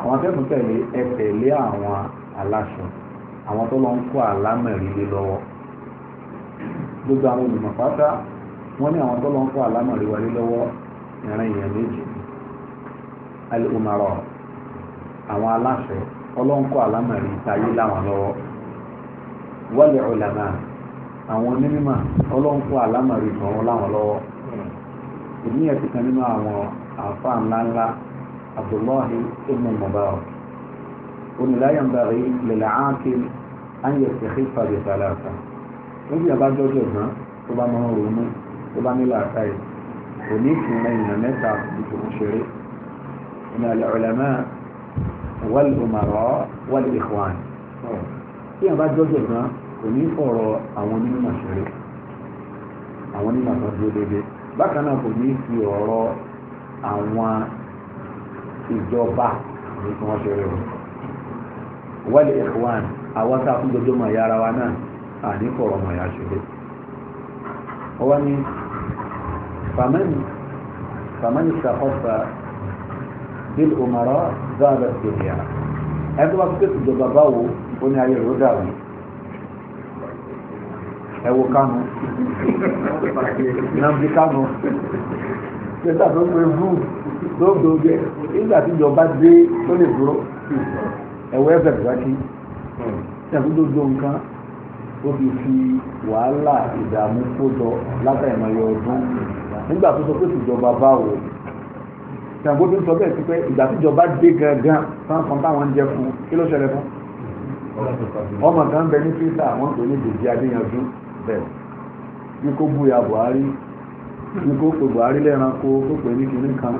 àwọn akẹ́kọ̀ọ́ tẹ̀lé ẹ tẹ̀lé àwọn aláṣọ àwọn tó lọ ń kó àlámẹ̀rí lé lọ́wọ́ gbogbo àwọn olùmọ̀ pátá wọ́n ní àwọn tó lọ ń kó àlámẹ̀rí wọlé lọ́wọ́ ìran èèyàn méjì al-umara àwọn aláṣẹ ọlọ́nkọ́ alámọ̀rin táyé láwọn lọ́wọ́ wal ulama àwọn onímọ̀ ọlọ́nkọ́ alámọ̀rin tọ̀hún láwọn lọ́wọ́ èmi yẹn ti kan nínú àwọn àfa ńláńlá abdullahi ibn mubarak onílàyà ń bàrí lẹ́lẹ́ ákìl ayé ṣèṣì fàdé sàlàsà níbi yàrá jọjọ gan tó bá máa ń ronú tó bá nílò àtàyè òní ìfìmọ̀ ìyàn mẹ́ta ìfòkùnṣeré من العلماء والأمراء والإخوان tí a bá jọ́jọ́ gan kò ní fọ̀rọ̀ àwọn onímọ̀ ṣeré àwọn onímọ̀ kan dúró déédéé bákan náà kò ní fi ọ̀rọ̀ àwọn ìjọba ní kí wọ́n ṣeré o wal ikhwan àwọn tá a fún jọjọ́ mọ̀ ẹ̀yà ara wa náà àní fọ̀rọ̀ mọ̀ ẹ̀yà ṣeré wọ́n ní fàmẹ́nì fàmẹ́nì ṣàkóso bil umara zaada dunya ẹni tó bá pèsè ìjọba báwo ó ní ayé rẹ̀ ó dàrú ẹ wo kánú nàbí kánú pẹ̀sà tó pé rúù tó dòge nígbà tí ìjọba dé tó lè dúró ẹ̀wọ́ ẹ̀fẹ̀ bùrákì ṣàkóso gbogbo fi fi wàhálà ìdààmú kó jọ látàrí ìmọ̀ ẹ̀yọ ọdún nígbà tó sọ pé ìjọba ṣàǹgó tó ń sọ bẹ́ẹ̀ sí pé ìgbà tíjọba dé gangan sáǹkan táwọn ń jẹ fún kí ló ṣẹlẹ̀ fún. ọmọ kan bẹ ní fíìsà wọn pè ní dèjì adéyanjú bẹ́ẹ̀ ní kó búya buhari ní kó pe buhari lẹ́ranko kó pè ní kinní kan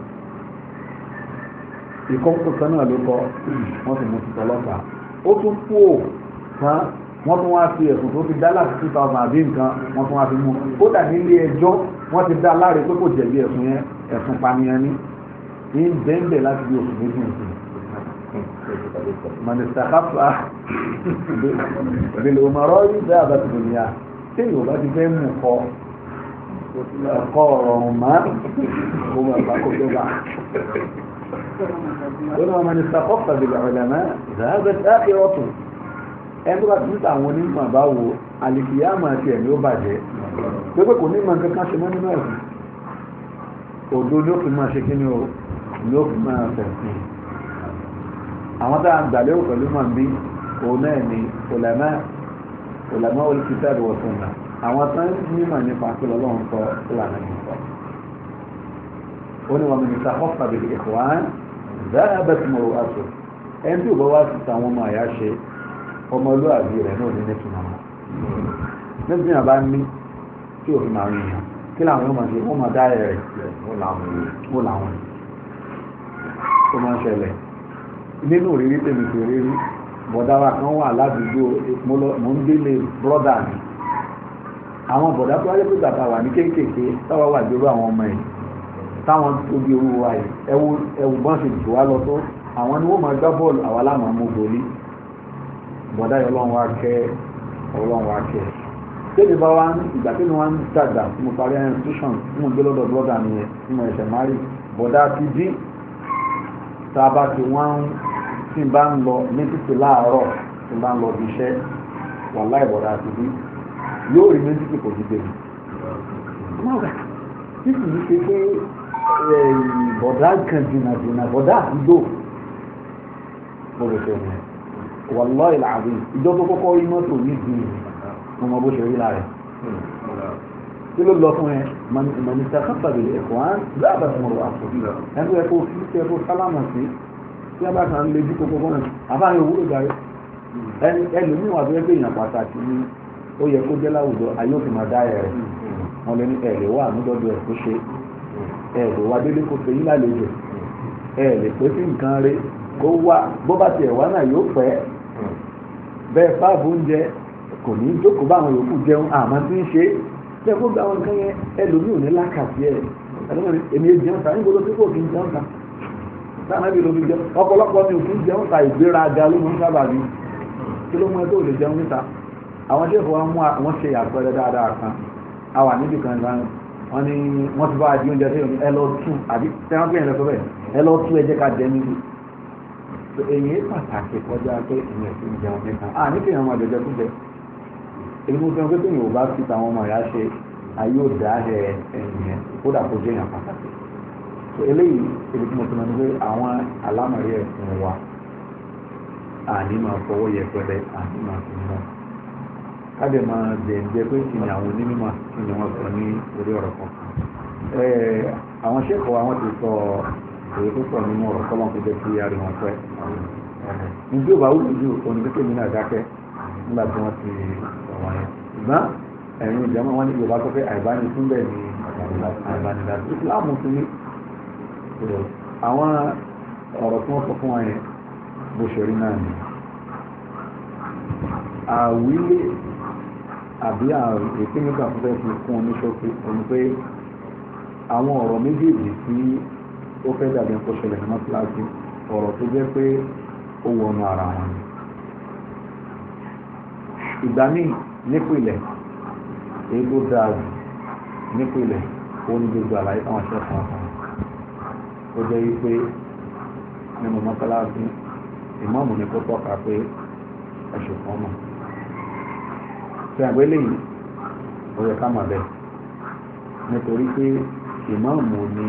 ìkọ́kọ̀ kan náà ló kọ́ wọ́n sì mú títọ́ lọ́pàá ó tún kú ò tán wọ́n tún wá fi ẹ̀sùn tó fi dá láti two thousand àbí nǹkan wọ́n tún wá fi mú kódà nílé ẹjọ́ wọ́n ti dá láre pé kò jẹ̀bi ẹ̀sùn yẹn ẹ̀sùn pànìyàn ni ní bẹ́ẹ̀nbẹ́ láti bí oṣù méjì nìkan mọ̀nìsà káfà bẹ̀rẹ̀ òmàrọ̀ yìí bẹ́ẹ̀ àbá tòun ni a ṣé yorùbá ti fẹ́ mú kọ́ ẹ̀kọ́ ọ̀rọ̀ ọ̀mà ó máa bá kó tó bá. ولو من استخف بالعلماء ذهبت آخرته ẹni bá tún tà àwọn onímọ̀ bá wo àlìkìyàmọ̀ àti ẹ̀mí ó bàjẹ́ pé pé kò ní mọ̀ nǹkan kan ṣe mọ́ nínú ẹ̀sìn ló fi máa tẹ̀sìn àwọn tá à ń gbàlérò pẹ̀lú mọ̀ bí òun náà ni ulama ulama al-kitab wa sunnah àwọn tó ń mímọ̀ nípa kílọ̀ lọ́wọ́ sọ ìlànà ìsọ ó ní wọn mi ta ọ́fà bèbè ìkọ̀wá dáa bẹ́ẹ̀ tí mo rò aṣọ ẹni tí ò bá wá sí tàwọn ọmọ àyà ṣe ọmọlúwàbí rẹ̀ náà ní nítumọ̀ wọn níbi bá ní tí òfin máa ń yàn kí làwọn yóò ṣe wọ́n máa dá ẹ̀rẹ̀ wọ́n tó máa ń ṣẹlẹ̀ nínú òrírí tèmi tó rírí bọ̀dára kan wà ládùúgbò mo ń délé brọ́dà mi àwọn bọ̀dá tó wáyé pípa tàwa ní kéékèèké táwa wà dúró àwọn ọmọ yìí táwọn tóbi orú wa yìí ẹwù bọ́n ṣe jù wá lọ tó àwọn ni wọ́n máa gbá bọ́ọ̀lù àwa láwọn ọmọ gòlí bọ̀dá yìí ọlọ́run wá kẹ́ ọlọ́run wá kẹ́ tẹ́lẹ̀ bá wá ìgbà tẹ́lẹ̀ wá ń dàgbà mo parí institution mo gbé lọ́dọ̀ brọ́dà mi yẹn mo ẹ̀ṣẹ̀ márì bọ̀dá ti dín tá a bá ti wọ́n tí n bá ń lọ ní títí láàárọ̀ tí n bá ń lọ bí iṣẹ́ wà láìwọ̀dà àti bí yóò rí méjì tí kò ní
bẹ̀rẹ̀.
tí kì í ṣe pé bọ̀dá kan jìnnà jìnnà bọ̀dá àdúgbò mo lè fẹ́ mi wàlọ́ ìlànà ìjọ tó kọ́kọ́ rí mọ́tò yìí di ọmọ bó ṣe rí lára rẹ̀ kí ló lọ fún ẹ mọ̀nìtà kápẹ́lì ẹ̀kọ́ á dábàá fún ọ̀rọ̀ àpò ẹ̀kọ́ ẹ̀kọ́ òfin tí ẹ̀kọ́ sálámà sí tí a bá kàn lè dí kókó fún ẹ àbáyọ òwúrò gàrí ẹni ẹlòmíràn wà bẹ́ẹ̀ gbìyànjú pàtàkì ni ó yẹ kó jẹ́ láwùjọ ayé òfin máa dá ẹ̀ rẹ̀ wọn lè ní ẹ̀ lè wà nígbọ́dọ̀ ẹ̀ kó ṣe ẹ̀ lè wá délé kó ṣe yín lálejò ẹ̀ lè pé sí nǹkan rẹ̀ kó wá bó bá tiẹ̀ wá náà yóò pẹ́ bẹ́ẹ̀ fáàbù oúnjẹ kò ní jókòó báwọn yòókù jẹun àmọ́ tí ń ṣe é tẹ kó gba àwọn nǹkan yẹn ẹlòmíì ò ní lákàtì ẹ ẹlòmíì èmi ò jẹun ta nígbòdo tí kò kí n jẹun ta táwọn ẹbí ló fi jẹun ọ̀pọ̀lọpọ̀ mi ò kí n jẹun ta ìgbéra aga ló máa ń sábà bí kí ló mú ẹ tó lè jẹun níta àwọn tí èèfọ̀ mú àwọn ṣe àpẹẹrẹ dáadáa kan a wà níbi kan ìlànà wọn ni wọn ti bá a di oúnjẹ tó yẹ ẹ lọ tú àbí tẹ́wọ́n pé yẹn lọ sọ bẹ́ẹ̀ ẹ lọ tú ẹ jẹ́ ká jẹ níbi èyí pàtàkì kọjá pé ìyẹn ti ń jẹun níta à ní kéèyàn máa jẹjẹ kújẹ èmi mo fẹ́ pé tóyìn ò bá fi tàwọn ọmọ ìyá ṣe ayé ò dá ẹ ẹ̀yìn kódà kó jẹ́ èèyàn pàtàkì so eléyìí èmi tí mo ti mọ̀ ní pé àwọn alámọ̀rí ẹ̀sìn wa àní máa fọwọ́ yẹpẹrẹ àní máa fi mọ́ káde máa dẹ̀ǹdẹ̀ pé kí ni àwọn onímọ̀ kí ni wọ́n sọ ní orí ọ̀rọ̀ kan àwọn ṣẹ́kọ̀ọ́ àwọn ti sọ èyí tó pọ̀ nínú ọ̀rọ̀ kọ́lọ́n tó jẹ́ kí a rí wọn pẹ́ níbi ò bá wù ú ju oníkékèmí náà dákẹ́ nígbà tí wọ́n ti ṣùgbọ́n ẹ̀yin ìjọba wọn ní yorùbá tó fẹ́ àìbánitúnbẹ̀ ní àìbánidàgbà ìsìláàmù tún ní àwọn ọ̀rọ̀ tí wọ́n sọ fún wa yẹn bó ṣe rí náà ni àwílé àbí ìpínlẹ̀ fúnfẹ́ fi kún omi ṣókè omi pé àwọn ọ̀rọ̀ méjèèjì tí ó fẹ́ dàbí ẹ̀kọ́ ṣẹlẹ̀ ní mọ́tíláàsì ọ̀rọ̀ tó jẹ́ pé ó wọnú ara wọn ni ìgbà míì nípìnlẹ̀ èyí tó dáa jù nípìnlẹ̀ ó ní gbogbo àlàyé táwọn ṣe fún ọkàn ó jẹ́ wípé nínú mọ́sálásí ìmáàmù ni kó tọ́ka pé ẹ̀ṣù kan mọ̀ ṣe àgbélé yìí ó yẹ ká mọ̀ bẹ́ẹ̀ nítorí pé ìmáàmù ni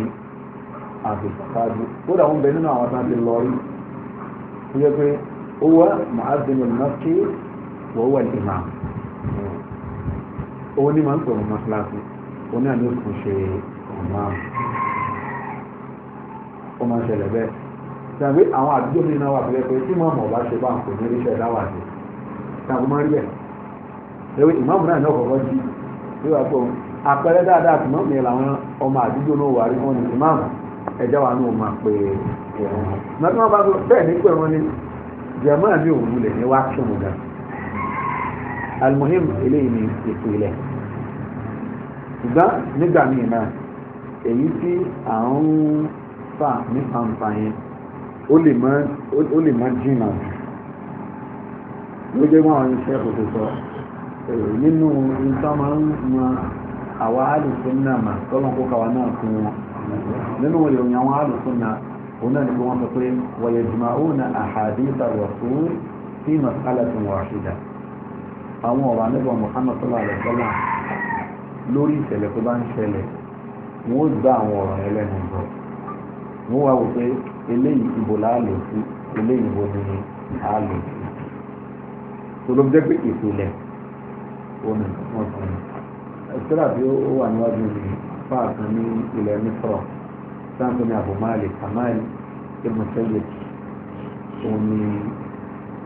àbùkájú ó dà wọ́n bẹ nínú àwọn tá a ti lọ rí ó yẹ pé ó wá màá dínú náà kí wọ́n wà ní ìmáàmù òun ni màá ń sọ̀rọ̀ mọ́ṣáláṣí òun náà ni ó kàn ṣe ọ̀nà ó máa ń ṣẹlẹ̀ bẹ́ẹ̀ tàbí àwọn àdúgbò mi náà wà pé pé tí màmú ọba ṣe bá ń pè ní iṣẹ́ ìdáwà sí tàbí máa ń rí ẹ̀ ewé ìmáàmù náà ní ọ̀kọ̀ọ̀kọ̀ jí wíwá pé àpẹẹrẹ dáadáa tí màmú yẹn làwọn ọmọ àdúgbò náà wà rí wọn ní ìmáàmù ẹ̀jẹ̀ wa náà máa pè é ẹ̀wọ̀n. màtí wọ́n bá sọ bẹ́ẹ̀ ní pẹ̀wọ́n ni jẹ̀mọ́ àmì òwúlẹ̀ ní wàá kí المهم eléyìí ni ètò ilẹ̀ ṣùgbọ́n nígbà míì náà èyí tí à ń fà ní fàǹfà yẹn ó lè má jìnnà ló jẹ́ wọn àwọn iṣẹ́ kòtò sọ nínú nǹkan máa ń yan àwa àlùfẹ́ náà mà tọ́lọ́n kó kàwa náà fún wọn nínú ìròyìn àwọn àlùfẹ́ náà òun náà ni pé wọ́n sọ pé wọ̀yẹ̀dùmáwò na àhàdí ìtàwọ̀ fún sí màsálà tó wọ̀ àṣìdá àwọn ọ̀rọ̀ anábọ̀ Muhammad sallallahu alaihi wasallam lórí ìṣẹ̀lẹ̀ tó bá ń ṣẹlẹ̀ wọ́n gba àwọn ọ̀rọ̀ yẹn lẹ́nu bọ̀ wọ́n wá wò pé eléyìí ibo la lò sí eléyìí ibo ni a lò sí tòló jẹ́ pé ìpìlẹ̀ òní wọ́n fún mi ìṣẹ́lá tí ó wà níwájú mi fáà ní ilẹ̀ mísọ̀rọ̀ sáńtò ní Abu Malik Kamal ibn Sayyid òní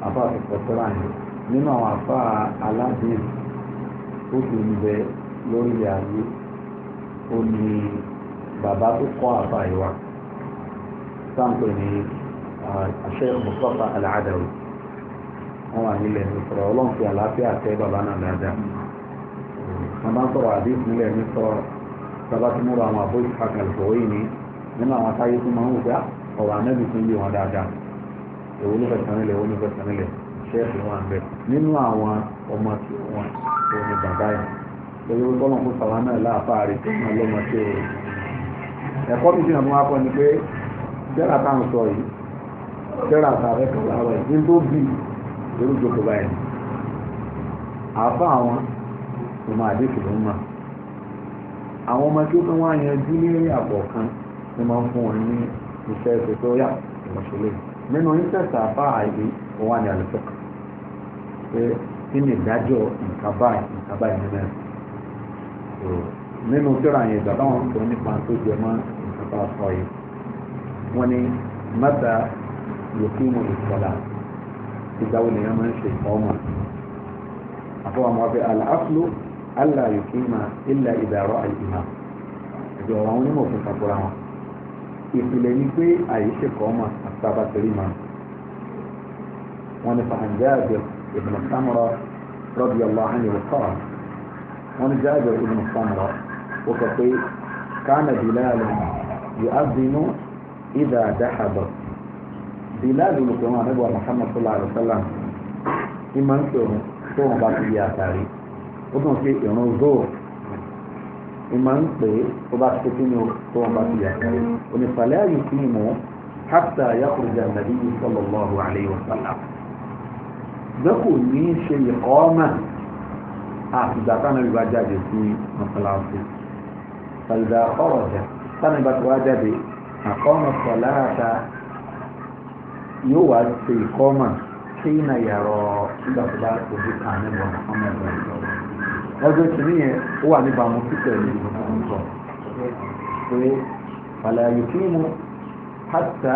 àbá àtẹ̀kọ́ sọ́ra yẹn nínú àwọn àfa aládìr ó ti ń bẹ lórí ayé ó ní bàbá tó kọ́ àfa ìwà sáǹpẹ̀ ní àṣẹ mùsọ́fà aláàdáwò wọn wà nílẹ̀ nípa ọlọ́run fi àlàáfíà tẹ bàbá náà dáadáa wọn bá ń sọ̀rọ̀ àdéhùn nílẹ̀ nípa bàbá tó múra àwọn àbóyè àkàlùkò yìí ni nínú àwọn atáyé tó máa ń wù pé ọ̀rọ̀ ànábì tó ń yé wọn dáadáa èwo ló fẹ́ sanilẹ̀ èwo ló fẹ́ sanilẹ̀ ṣẹ́ẹ̀fù wọn àbẹ̀ nínú àwọn ọmọ tí wọn tó ní bàbá yẹn lórí ọlọ́run fún sàwọn náà láàfáàrí tó máa lọ́mọ tí ó ẹ̀kọ́ mi jìnnà fún wa kọ́ ni pé jẹ́rà tá à ń sọ yìí jẹ́rà tá a fẹ́ kọ́ láwọ̀ yìí ní tó bì lórí ìjókòó báyìí àfa àwọn ọmọ àdéhùn ló ń mọ̀ àwọn ọmọ tí ó kàn wá yanjú ní àkọ̀ọ̀kan ni máa ń fún wọn ní iṣẹ́ ìṣètò yà ìmọ̀ṣẹ́lẹ̀ nínú iṣẹ́ sàfà àìdí òun wà ní àlùfẹ́kọ̀ọ́ pé kí ni ìdájọ́ nǹkan báyìí nǹkan báyìí nínú ẹ̀ so nínú tíra yẹn ìgbà báwọn sọ nípa tó jẹ mọ́ nǹkan bá sọ yìí wọ́n ní mẹ́ta yòókù mọ̀ ìsọ̀lá ìgbà wo nìyẹn máa ń ṣe ìfọ́mọ̀ àfọwọ́mọ́ ọ̀fẹ́ àlàáfíà àlà yòókù mọ̀ ilà ìdàrọ̀ àìsàn ìjọ àwọn onímọ̀ òfin kakura wọn ìpìlẹ̀ ni pé àyíṣe kọ́ mọ̀ àtàbàtẹ́rì mọ̀ wọn ni fàǹdà àgbẹ̀kọ بن السمرة رضي الله عنه قال وأنا جابر بن السمرة وكفي كان بلال يؤذن إذا دحب بلال لقمان أبو محمد صلى الله عليه وسلم إما أنتم tóun bá ti di àtàrí ó dùn sí ìrún zoo ìmọ̀ ń pè é ó bá ti kíni tóun bá ti di àtàrí onífàlẹ́ àyè kí ni mò ń hàtà yàkùrù jà nàbí sallallahu alayhi wa sallam ṣùgbọ́n kò ní í ṣe ìkọ́ọ́mà àtìgbà táwọn ibi bá jáde sí mọ́sálásí ṣàlùdà ọ̀rọ̀ jà táwọn ibi bá ti wá jáde àkọ́ọ́mà sọ̀lá àta yóò wá ṣe ìkọ́ọ́mà kéyìn àyàrọ̀ nígbà tó bá ojú kan nínú ọmọ ẹ̀rọ ìjọba ọjọ́ kìíní yẹn ó wà níbàámu pípẹ́ ní ìlú tó ń sọ pé fàlàyé kí mu hàtà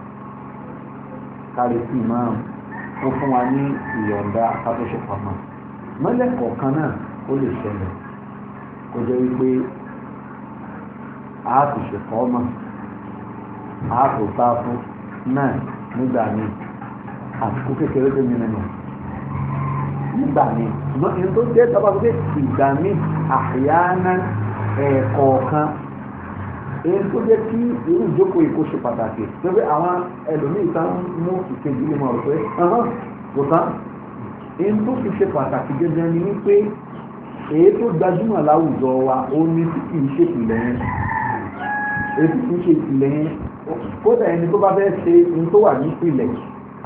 kárí sí ìmáàmù ó fún wa ní ìyọ̀ǹda kátọ́ṣe pamọ́ mọ́lẹ̀ kọ̀ọ̀kan náà ó lè ṣẹlẹ̀ kó jẹ́ wípé a kò ṣèkọ́ ọmọ a kò sá fún náà nígbà míì àsìkò kékeré tó mi nínú nígbà míì ṣùgbọ́n ìyẹn tó jẹ́ tọ́ba pé ìgbà míì àyáná ẹ̀ẹ̀kọ̀ọ̀kan èyí tó jẹ́ kí irú ìjókòó yìí kó ṣe pàtàkì lórí àwọn ẹlòmíì tá ń mú ìkejì ní mọ̀rọ̀ pé kò tán èyí tó fi ṣe pàtàkì gẹ́gẹ́ ni wípé èyí tó gbajúmọ̀ láwùjọ wa ó ní tí kì í ṣe ìpìlẹ̀ yẹn èyí tí kì í ṣe ìpìlẹ̀ yẹn kódà ẹni tó bá fẹ́ ṣe ohun tó wà ní ìpìlẹ̀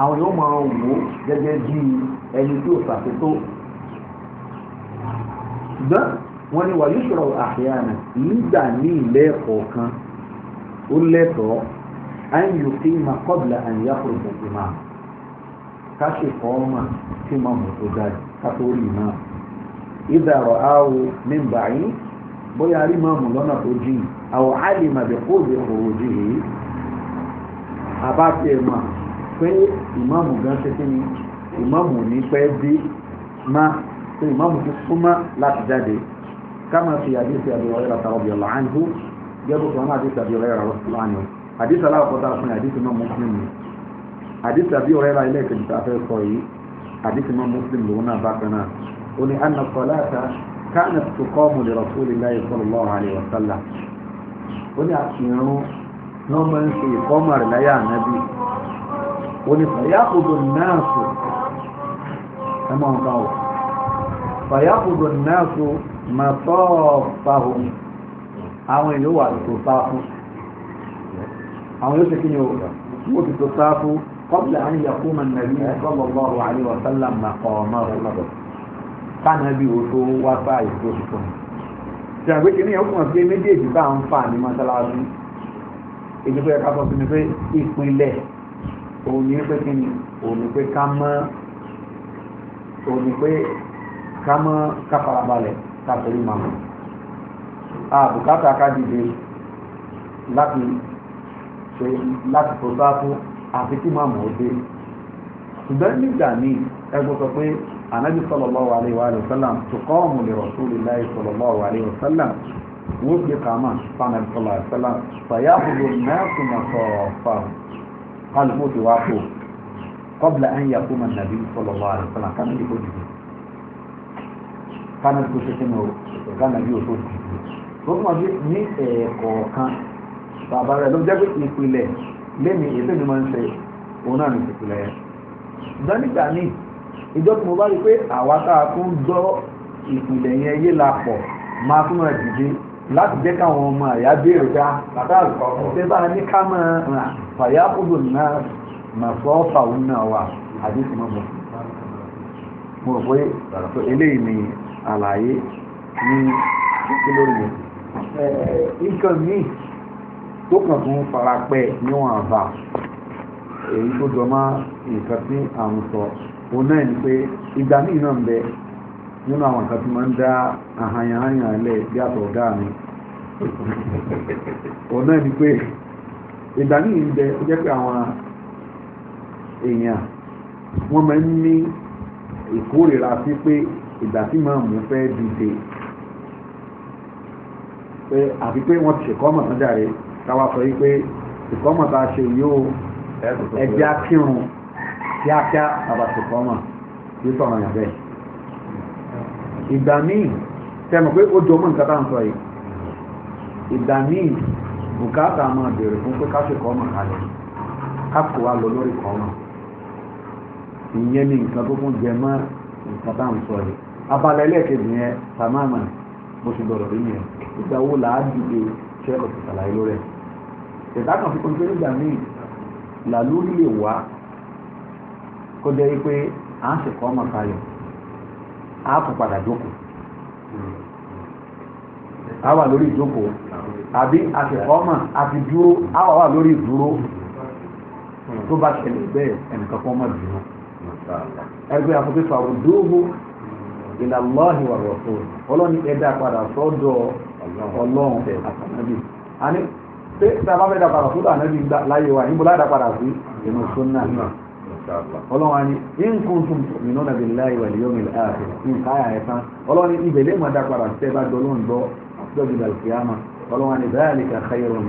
àwọn yóò máa wò ó gẹ́gẹ́ bí ẹni tí ò ṣàkóso ṣùgbọ́n wọ́n ní wà yusuf àhíyàna nígbà ní lẹ́ẹ̀kọ̀ọ̀kan ó lẹ́tọ̀ọ́ an yóò fi ma kọ́bìlà àyà kúròpọ̀ ìmá ká ṣe kọ́ ọ́mà tí ma mọ̀ tó dáa ká tó rí ìmá ìdàrọ̀ àwọ̀ mẹ́mbà yín bóyá rí máa mú lọ́nà tó jìn àwọ̀ àlè mà bẹ̀ kó bẹ̀ kòrò jì yìí àbá tiẹ̀ pé ìmáàmù gan ṣe kí ni ìmáàmù ní pẹ́ dé má pé ìmáàmù ti súnmọ́ láti jáde. كما في حديث أبي هريرة رضي الله عنه جابوا كمان حديث أبي هريرة رضي الله عنه حديث لا قد أصلا حديث من مسلم حديث أبي هريرة إليك أنت أفهم حديث من مسلم لونا بقنا ولأن الصلاة كانت تقام لرسول الله صلى الله عليه وسلم ولأنه نوما في قمر لا يا نبي ولفيأخذ الناس كما قال فيأخذ الناس mọ̀tọ́ọ̀fàhù àwọn èèyàn wà tó sáfú àwọn yóò ṣe kí ni ó wọ́n ti tó sáfú kọ́bílà àwọn ìyàkú mọ̀ nàbí sallallahu alaihi wa sallam màkọ̀ ọmọ ọ̀rọ̀ kánà bí o tó wá sáàyè tó sùpọ̀ ní. ìjàgbé kìíní yẹn fún ọ pé méjèèjì bá ní mọ́sálásí èyí pé ẹ̀ka káfíń máa mọ̀ àbùkátà ká dìde láti ṣe láti tó sáfù àfi kí máa mọ̀ ó dé ṣùgbọ́n nígbà míì ẹgbẹ́ sọ pé anabi sallallahu alayhi wa sallam tuqamu li rasulillahi sallallahu alayhi wa sallam wọ́n gbé kàmá fanabi sallallahu alayhi wa sallam fàyàhùlù náàtù masọ̀ọ̀fà kálukú ti wá kó qabla an yakuma nàbí sallallahu alayhi wa sallam kánú ìkó dìde kánú tó ṣe sínú ìkànnà yóò tó ti tó mọ̀ sí ní ẹ̀ẹ̀kọ̀ọ̀kan bàbá rẹ̀ ló jẹ́ pé ìpìlẹ̀ lẹ́mi ètò ìlú máa ń ṣe òun náà ní ìpìlẹ̀ yẹn. ṣùgbọ́n nígbà míì ìjọ tí mo bá rí i pé àwa tá a tún gbọ́ ìpìlẹ̀ yẹn yé la pọ̀ máa tún máa dìde láti jẹ́ káwọn ọmọ àyà béèrè dá bàbá àgbẹ̀ bá a ní ká máa ràn fàyà kúndùn náà mà fọ́ fàwọn náà wà àdéhùn mọ́ mọ́ mo rò pé eléyìí ni àlàyé ní kí ló lè tó kàn tún farapẹ́ níwọ̀n àbá èyí tó jọ mọ́ nǹkan tí à ń sọ òun náà ni pé ìgbà míì náà ń bẹ nínú àwọn nǹkan tí máa ń dá àhàyàn-àhàyàn lẹ̀ bí àtọ̀ ọ̀gá mi náà ni pé ìgbà tí màmú fẹ́ dìde pé àfi pé wọ́n ti ṣèkọ́mọ̀ tán jàre káwa sọ yìí pé ṣèkọ́mọ̀ tá a ṣe yóò ẹgbẹ́ akírun kíákíá bàbá ṣèkọ́mọ̀ yóò sọ̀rọ̀ yàn bẹ́ẹ̀. ìgbà míì tẹnu pé ó jọmọ́ nǹkan tá à ń sọ yìí ìgbà míì bùkátà máa bèrè fún pé ká ṣèkọ́mọ̀ kalẹ̀ ká kó wa lọ lórí kọ́mọ̀ ìyẹn ni nǹkan tó fún jẹ mọ́ nǹkan tá à ń sọ yìí abala ẹlẹ́ẹ̀kejì yẹn tamama bó ṣe gbọdọ̀ rí yẹn ìgbà wo là á dìde ṣẹ́kọ̀ ti ṣàlàyé lórí ẹ̀ ìgbà kan fi kọjú nígbà míì làlórí lè wá kó jẹ́ pé à ń ṣèkọ́ ọmọ kayọ̀ á kó padà jókòó á wà lórí ìjókòó àbí àṣẹkọ́ ọmọ àti dúró a wà wà lórí ìdúró tó bá ṣẹlẹ̀ bẹ́ẹ̀ ẹnìkan kan mọ̀ dúró ẹgbẹ́ àkókò ìfàwọ̀ dúró ìlà lọ́ọ̀hì wà rọ̀tò ọlọ́ni ẹ̀dá padà sọ́dọ̀ ọlọ́run àtànábì. àní pé sábà fẹ́ dá padà sọ́dọ̀ ànábì láyé wa níbo láyé dá padà sí inú súnà ọlọ́run àní ìnkùntùn mìíràn nàbí láyé wà lẹ́yọ́ mìíràn ààfin nǹkan àyà ẹ̀ tán ọlọ́ni ibẹ̀ lè má dá padà sí ẹ̀bá dọ́lọ́n gbọ́ lọ́jọ́ ìdàlùkìyàmà ọlọ́run àní dhalika khayrun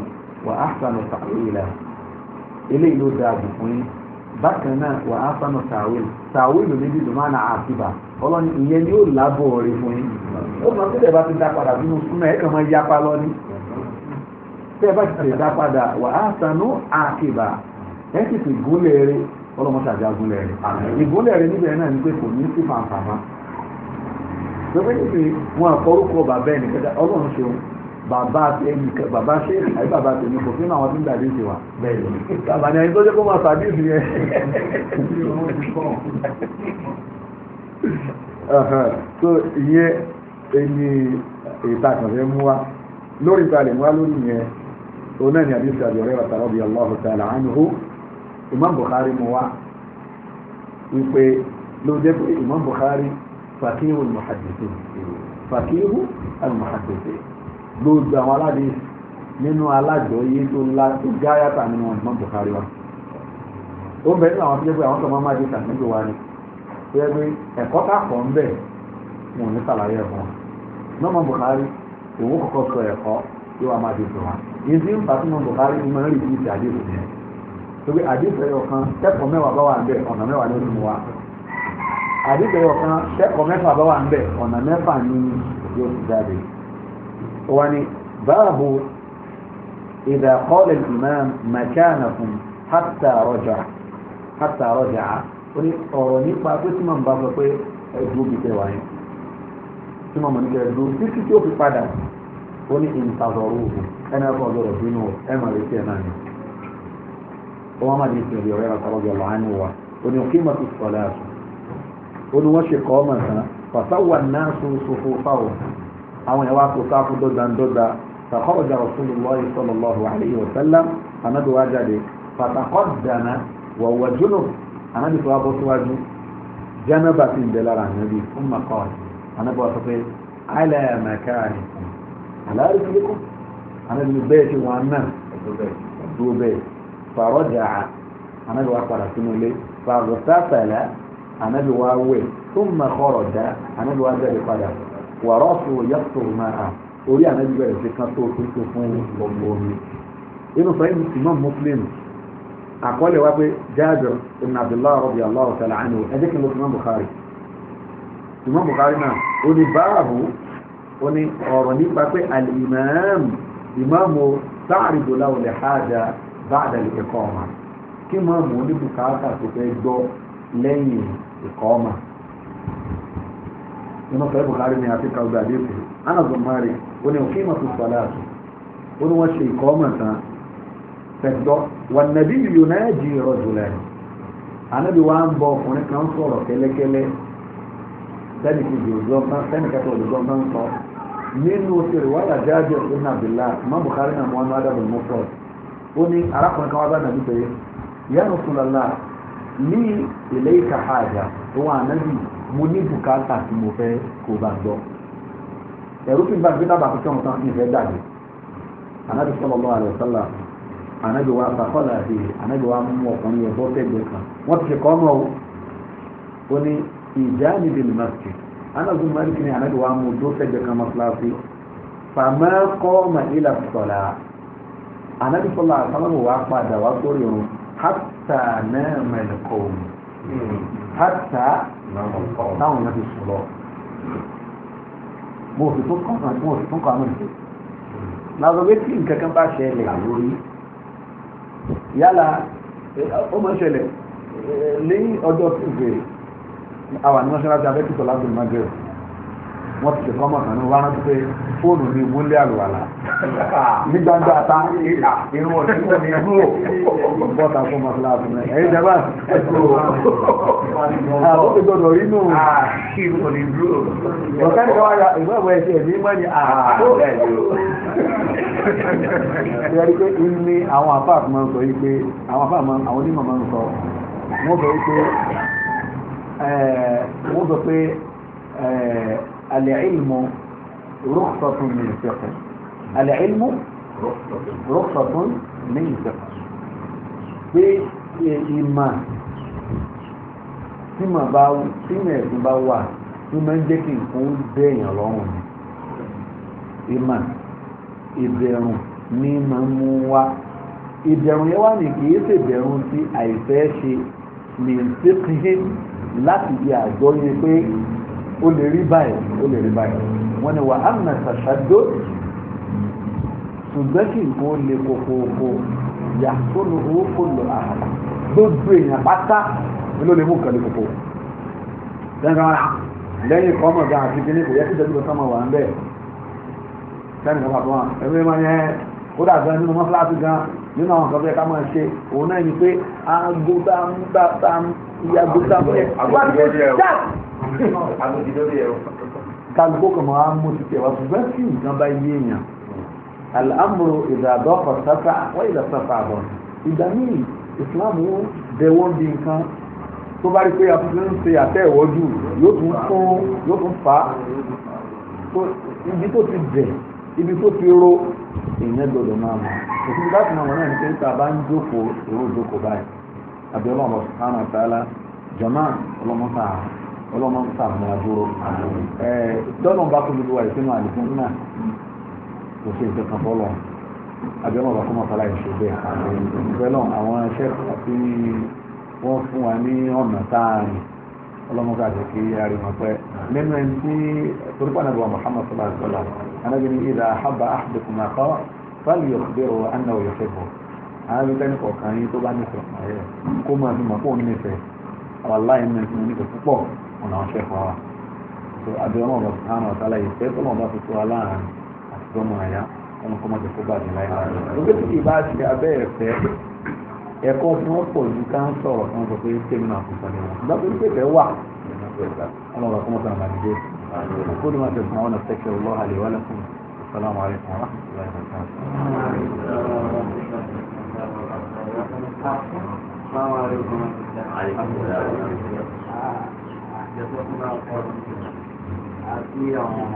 bákan náà wa ahsanu ta'wil ta'wil ló ní bí dùmánà àtibà ọlọ́ni ìyẹn ni ó lábọ̀ ọ̀rẹ́ fún yín ó mọ pé tẹ̀bá ti dá padà bínú súnmọ́ ẹ̀ kàn máa yapa lọ ní tẹ̀bá ti tẹ̀ dá padà wà á sanú àkèbà ẹ̀ sì fi gúnlẹ̀ rẹ ọlọ́mọ ṣàjà gúnlẹ̀ rẹ ìgúnlẹ̀ rẹ níbẹ̀ náà ni pé kò ní sí fàǹfàmà pépé níbi wọn àkọrúkọ bàbá ẹnì kẹta ọlọ́run ṣeun bàbá ẹnì kẹ bàbá ṣe àyè bàbá tèmi kò fún àwọn tí ń dàbí ìṣèwà bẹ́ẹ̀ ni bàbá ni ẹni tó jẹ́ kó máa fàdí ìṣìyẹn. so ìyẹn ẹni ìtàkùn rẹ mú wa lórí ìtàlẹ̀ mú wa lórí yẹn òun náà ni àdìsí àdìọ̀rẹ́ wa radiyallahu ta'ala anhu Imam Bukhari mú wa wípé ló jẹ́ pé Imam Bukhari fakihu al-muhaddithin fakihu al-muhaddithin gbogbo àwọn aládìsí nínú alájọyé tó ńlá tó gáyàtà nínú Imam Bukhari wa ó bẹ̀rẹ̀ àwọn tó pé àwọn tó máa máa di sàmúlò wa ni bẹ́ẹ̀ pé ẹ̀kọ́ tá a kọ́ ń bẹ̀ wọn ò ní sàlàyé ẹ̀kọ́ nọ́mọ Buhari òun kọ́kọ́ sọ ẹ̀kọ́ yóò wá máa di ìtura yìí sí fatima Buhari ni máa ń rí ibi ìtì àdéhùn yẹn torí àdéhùn ẹ̀yọ̀ kan kẹ́kọ̀ọ́ mẹ́wàá bá wà ń bẹ̀ ọ̀nà mẹ́wàá ló mú wa àdéhùn ẹ̀yọ̀ kan kẹ́kọ̀ọ́ mẹ́fà bá wà ń bẹ̀ ọ̀nà mẹ́fà ni yóò ti jáde wọn ni báàbò إذا قال الإمام مكانكم حتى رجع حتى رجع orí ọ̀rọ̀ nípa pé tí màmú bá sọ pé ẹ̀dùn òbí tẹ̀ wáyé tí màmú ní kẹ́ ẹ̀dùn títí tí ó fi padà ó ní ìntàzọ̀rọ̀ òhù ẹni ẹ̀kọ́ ọ̀dọ́rọ̀ bínú ẹ̀ mà lè tiẹ̀ náà ni wọ́n má di ìsìn ìrẹ̀ rẹ̀ sọ̀rọ̀ yọ̀lọ̀ àánú wa ó ní òkè mọ̀tò sọ̀lá àtọ̀ ó ní wọ́n ṣe kọ́ ọmọ ìsàn fàtàwà náà sọ̀sọ̀fọ̀ fáwọn àwọn ìwà kò sáfù dọ́gbandọ́gba فخرج رسول الله صلى الله عليه وسلم فندوا جده فتقدم وهو جنب anabi tó wá bọ́ síwájú jẹ́nàbà ti ń bẹ lára anabi fún makọ́ọ̀lì anabi wá sọ pé àìlẹ̀ mẹ́kàánì aláàrí fi kọ́ anabi ní bẹ́ẹ̀ ti wọn náà ẹ̀dúró bẹ́ẹ̀ fàrọ̀ jà á anabi wá padà sínú ilé fàrọ̀ sáfẹ̀lẹ̀ anabi wá wẹ̀ fún makọ́ọ̀rọ̀ dá anabi wá jáde padà wàrọ̀ fún yàtọ̀ máa orí anabi bẹ̀rẹ̀ sí kan tó tó fún gbogbo omi inú fẹ́ẹ́ àkọọ́lẹ̀ wá pé Jabir ibn Abdullah radiyallahu ta'ala anhu ẹjẹ́ kí n lọ fún Bukhari Imam Bukhari náà ó ní báàbù ó ní ọ̀rọ̀ nípa pé al-imam ìmáàmù ta'ridu lahu al-haja ba'da al-iqama kí máàmù oníbùkátà tó fẹ́ gbọ́ lẹ́yìn iqama nínú sọ̀rọ̀ Bukhari ni àti kàwé àdéhùn Anas ó ní òkè ìmọ̀ tó sọ̀lá fẹ̀tọ́ wọn nàbí yìí náà jí rọ̀jùlẹ̀ ànábi wa ń bọ ọkùnrin kan sọ̀rọ̀ kẹ́lẹ́kẹ́lẹ́ sẹ́ni kejì òjò kan sẹ́ni kẹta òjò kan sọ nínú sèrè wàhálà jáde ọ̀sán abdullahi má Bukhari náà mọ́ ọ́nà adàbọ̀ mọ́ fọ́ ó ní arákùnrin kan wá bá nàbí pé ya Rasulullah ní ilé ìka haja òun ànábi mo ní bùkátà tí mo fẹ́ kó bá gbọ́ ẹ̀rú fi bá gbé dábàá kó kí wọn tán ìfẹ́ dàgbé ànábi sallallahu alaihi wasallam anabi wa akakọla ase anabi wa mú ọkùnrin yẹn bọ́ fẹ́gbẹ́ kan wọ́n ti kọ́ ọmọ o ó ní ìjà níbi lùmọ́sì anabi malik ni anabi wa mú dó fẹ́gbẹ́ kan mọ́sálásí fàmẹ́ kọ́ ọmọ ilà sọ̀la anabi sọ̀la àtàwọn wa padà wá sórí òun hàtà náà mẹ́lẹ̀kọ́ òun hàtà táwọn yẹn ti sùn lọ mo fi tó kọ́ àwọn ìfẹ́ lásán wípé nǹkan kan bá ṣẹlẹ̀ lórí yálà ó mọ̀ ṣẹlẹ̀ ní ọjọ́ tuesday àwọn ànímọ́ṣẹ́ láti abẹ́kìtọ̀ láti ìmọ̀gẹ́rẹ́ wọ́n ti ṣèkọ́ mọ̀ sànú wá rántí pé fóònù ni wọlé àlùwàlà ní gbangba ta irun ọ̀sìn kò ní ìlú ò bọ́ta fún mọ́sálásí náà ẹ̀yin jẹ́ báyìí ó ti gbọdọ̀ rí nù. ọ̀sẹ̀ nìkan wá ya ìwé ìwé ẹ̀sìn ẹ̀mí mọ́ ni ẹ̀yà rí pé ní àwọn àfáàfù máa ń sọ yìí pé àwọn àfáàfù àwọn onímọ̀ máa ń sọ wọ́n sọ pé wọ́n sọ pé العلم رخصة من فقه العلم رخصة من فقه في إيمان، tí mà bá tí mà ẹ̀sìn bá wà tí mà ń jẹ́ kí nǹkan ó bẹ́ èèyàn lọ́rùn ni ìmọ̀ ìbẹ̀rù ni mà ń mú wá ìbẹ̀rù yẹn wà ní kì í ṣèbẹ̀rù tí àìfẹ́ ṣe ní ṣékìhìn láti di àjọyìn pé o lè rí báyìí o lè rí báyìí wọ́n ní wà á nà sàṣàdó ṣùgbọ́n kí nǹkan ó le kókóókó yà tó lu owó kó lọ àhàlà gbogbo èèyàn pátá ló lè mú nǹkan le kókó dandan lẹ́yìn kọ́mọ̀ gan àti kíní kò yẹ kí ìjọba sọmọ wà ń bẹ̀ sẹ́ni kan pàtó wọn ẹgbẹ́ máa yẹ kódà gan nínú mọ́sálásí gan nínú àwọn kan fẹ́ ká máa ṣe òun náà ni pé aago ń gbà tá ń yàgò ń yẹ kálukó kan a mú ti tẹ̀ wá ṣùgbọ́n tí nǹkan bá yé èèyàn alamuro ìdàdọ́ ọ̀sáfà wọ́n ìdàsáfà àbọ̀ ìgbà míì ìsìláàmù dẹ̀wọ́ bí nǹkan tó bá rí pé àtúntò ń ṣe àtẹ́ ìwọ́jú yóò tún fún yóò tún fà á ibi tó ti dẹ̀ ibi tó ti ro èèyàn gbọdọ̀ máa mọ̀ òfin bá ti mọ̀ náà ní pé tá a bá ń jókòó òru jókòó báyìí àbí ọlọ́run subhanahu wa ta'ala jọ̀mọ́ ọlọ́mọ́ta àrùn ọlọ́mọ ń sàmúlò àdúró ẹ̀ dọ́nà bá tóbi wà ìpinnu àdìgún náà kò sí nǹkan kan bọ́lọ̀ àbẹ̀wò ọ̀rọ̀ kọ́mọ fara ìṣe bẹ́ẹ̀ ìgbẹ́ náà àwọn iṣẹ́ àti wọ́n fún wa ní ọ̀nà táàrin ọlọ́mọ ká jẹ́ kí ari wọn pẹ́ nínú ẹni tí torípa náà wà Muhammad sallallahu alaihi wa sallam anábì ní ìdá àhábà ahadukum akọ́ fáàlì yukhbiru annahu yuhibbu anábì tẹ́ni kọ̀ọ̀kan yín tó bá nífẹ̀ẹ́ kó máa fi mọ̀ fóun nífẹ̀ẹ́ àwọn aláìní nífẹ̀ẹ́ púpọ̀ ọ̀nà àwọn ṣẹ́kọ̀ọ́ wa tó abiyamọ ọba sùhánù ọ̀tálá yìí fẹ́ tọ́mọ ọba fi tó wa láàrin àti tọ́mọ àyá ọmọ kọ́ máa jẹ kó bàjẹ́ láì láàrin. ìgbé tí kì í bá ṣe abẹ́ ẹ̀fẹ́ ẹ̀kọ́ tí wọ́n pọ̀ ju ká ń sọ̀rọ̀ kan sọ pé tèmi náà fún sọ́ni wọn. ìgbàgbọ́ ní pẹ̀lẹ́ wà ọlọ́run kọ́ mọ́tàn àgbàdìdé kó ló máa tẹ̀ fún àwọn ọ̀sẹ̀kẹ̀ ọlọ́ àlè wà lẹ́kùn assalamu alaikum wa
rahmatullahi wa barakatuh ìjọ tó tún máa kọ́ ọ́ àti àwọn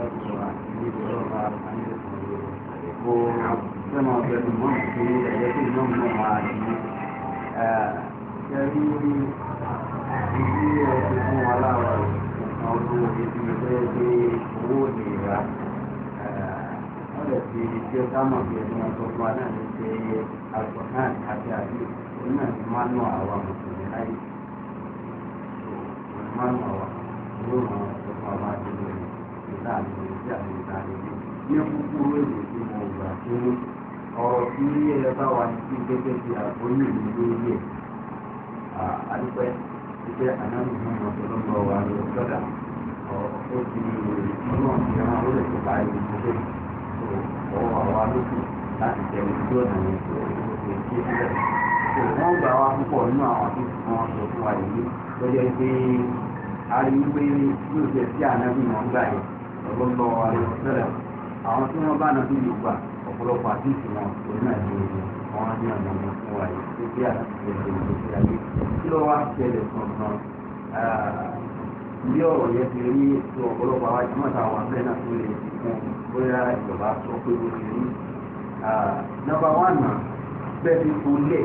ọ̀pọ̀ àti
ìjọba àyẹ̀kọ́ sọ́nà ọ̀bẹ̀rù náà fún ẹ̀jẹ̀ tó náà mọ̀ máa rí ṣẹ́rí ìdí ẹ̀sìn fún wa láwọn ọdún ìdí ìfẹ́ gbé owó ṣe àgbọ̀n náà àti àdúgbò náà ti àwọn mùsùlùmí láyé máa ń wà yóò máa sọ fún wa máa tẹ̀lé rẹ̀ nígbà àti ìdí àti ìdá ní kúkú ròyìn tí mo gbà pé ọ̀rọ̀ tí ẹ bá wà sí gẹ́gẹ́ bí àgbóyè mi lórí ẹ̀ àdúpẹ́ ìjẹ́ ànáàmì fún ọmọ tó lọ́wọ́ wa ló sọ́dà ó ti ọlọ́run ti ẹran ó lè tó bá ẹni tó dé ọwọ́ àwa lókè láti tẹ̀lé ojú ọ̀nà yẹn tó ṣe kí ẹ bẹ̀rẹ̀. wọ́n gbà wá púpọ̀ nínú àwọn tí wọ́n sọ fún wa yìí tọ́jú ẹ pé a rí i pé ànábì náà ń gbà yẹ ọlọ́lọ́ àlùfẹ́lẹ̀ àwọn tí wọ́n bá náà bí yorùbá ọ̀pọ̀lọpọ̀ àdéhùn wọn òun náà ní àwọn ní ọ̀nà ọmọ fún wa yìí tó bí àtúnṣe ìgbésí ayé kí ló wá ṣẹlẹ̀ kankan bí ọ̀rọ̀ yẹn ti rí tó ọ̀pọ̀lọpọ̀ àwọn àjùmọ̀ta àwọn abẹ́ náà tó lè fi kún bóyá ìjọba sọ pé ó ti rí nọ́mbà wánà bẹ́ẹ̀ ti kú lẹ̀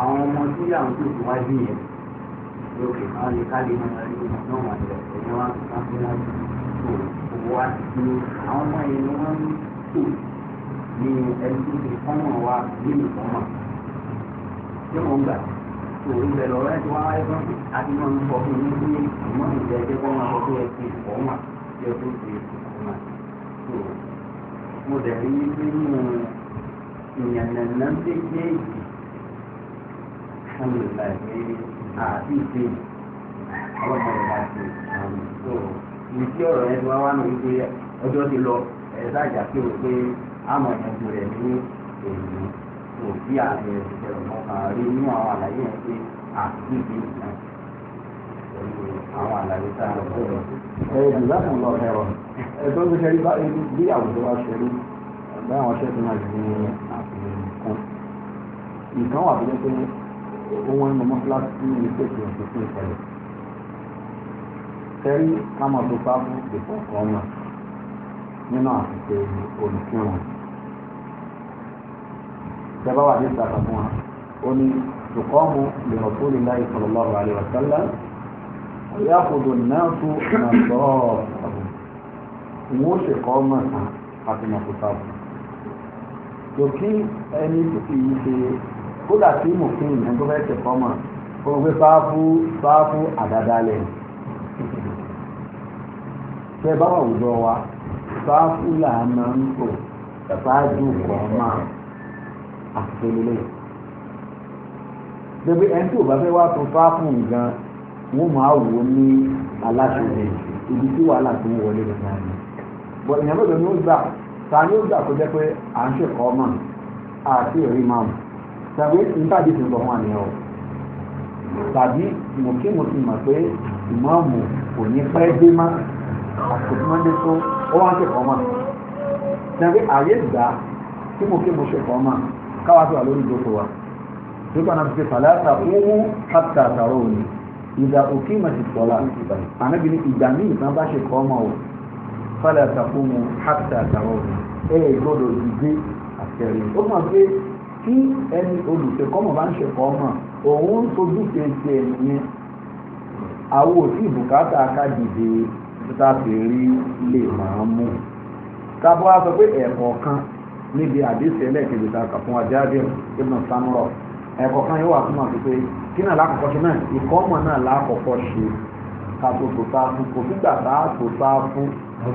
àwọn ọmọ tí àwọn tó ti wá bí yẹn lókè àwọn lè ká lè máa rí ọmọ náà wà lẹ ẹ̀yìn wá ká fún wọn tó owó wá sí i àwọn ọmọ yẹn ni wọ́n ń tò ní ẹni tó ti fọ́nà wa nínú fọ́nà tí wọ́n gbà tó ibẹ̀ lọ́wọ́ ẹ̀ tí wọ́n wáyé fún mi àti wọ́n ń sọ fún mi pé ìmọ̀ ìjẹ́ ẹgbẹ́ wọn máa fọ́ ẹ ti fọ́nà yẹ kó ti fọ́nà mo dẹ̀ rí nínú ìyànnà náà ń dé fún mi ìgbà pé àti ìpè ọlọ́mọ ìgbà ti àrùn tó ibi tí ọ̀rọ̀ yẹn ti wá wá nù wípé ọjọ́ ti lọ ẹ̀ẹ́dá ìjà pé o pé àmọ̀ ìyànjú rẹ̀ ní èyí àwọn àlàyé yẹn pé àti ìpè ìgbà pẹ̀lú àwọn àlàyé tá a lọ sọ̀rọ̀. ẹ ẹ jù láti lọ ẹ̀rọ ẹ tó ń ṣe rí bá bí àwùjọ wa ṣe rí báwọn ṣẹ́ ti máa ṣe ní àfikún ìkan wà tó owó ní mọ̀mọ́ fúláṣí tí ní ilé tó ti fún ìpẹ̀lẹ̀. Sẹ́rí kámọ̀ tó bá mú ìpọ̀ kan mọ̀ nínú àtúnṣe olùkírun. Ìjọba wà ní ìsàkà fún wa. Ó ní tùkọ́mù li Rasulillahi sallallahu alaihi wasallam. Ọ̀yàkùdù náà tún nà sọ̀rọ̀ ọ̀hún. Ìwọ́n ó ṣèkọ́ mọ̀ tán àti mọ̀ tó bá Yòókì ẹni tó fi yí ṣe kódà tí mòfin ìyẹn tó fẹ́ tẹ̀kọ́ mọ̀ kó o gbé fáfú fáfú àdádálẹ̀ tẹ bá wà wùdọ̀ wa fáfú là máa ń tò ṣáájú kọ̀ máa àtẹlẹ́lẹ̀ bẹ́ẹ̀ ẹni tí ò bá fẹ́ wá tó fáfú nǹkan wọ́n máa wò ní aláṣẹ ibi tí wàhálà tó ń wọlé lọ́nà yìí bọ̀ ìyẹn ni ó gbà ta ni ó gbà kó jẹ́ pé à ń ṣèkọ́ mọ̀ àti èrí máa tàbí nígbàdí tó ń bọ̀ wọn àníyàn o tàbí mùkímù ti mọ̀ pé ìmọ̀ọ́mù kò ní pẹ́ dé má àti tí wọ́n dé tó ó wá ń ṣe kọ́mà tàbí ààyè gbà tí mùkímù ṣe kọ́mà káwá tó wà lórí ìjókòó wa nígbà náà ti ṣe fàlàtà owó hàtà àtàrà òní ìdá òkè mà ti sọ̀la ànábi ní ìgbà míì ìgbà bá ṣe kọ́mà o fàlàtà owó hàtà àtàrà òní ẹ̀ gbọ́dọ̀ ìgbé tí ẹni olùṣèkọ́mọ̀ bá ń ṣèkọ́ mọ̀ òun ń sojú kejì ẹ̀yìn àwọn òsì bùkátà ká dìde tá a fi rí lè máa mú tábọ́ a sọ pé ẹ̀kọ́ kan níbi àdéhùn ẹlẹ́ẹ̀kejì tá a kà fún ajáde ibùdó samurọ ẹ̀kọ́ kan yóò wà fún wa pé kí náà lákòókò ṣe náà ìkọ́mọ̀ náà lákòókò ṣe ká tó tó tá a fún kò sígbà tá a tó tá a fún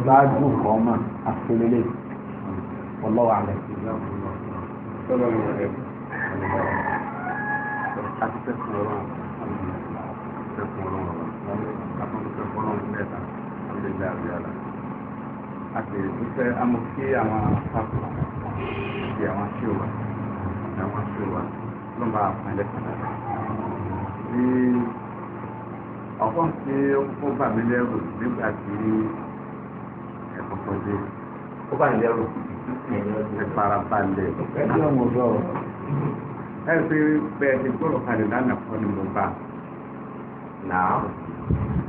ṣáájú nǹkan ọmọ àti tẹlẹlẹ ọlọ́wà rẹ̀ àti ìfẹ́ amòfí àwọn pápá àti àwọn ṣíwà àti àwọn ṣíwà ló ń bá àpàlẹ́ pàtàkì. ní ọ̀pọ̀n tí ó bà mí lẹ́rù nígbà tí ẹ̀kọ́ tó dé ó bà mí lẹ́rù ẹ farabalẹ̀ ẹ fi bẹ́ẹ̀ ti gbọ́dọ̀ kalẹ̀ lánàá kọ́ ni mo bá náà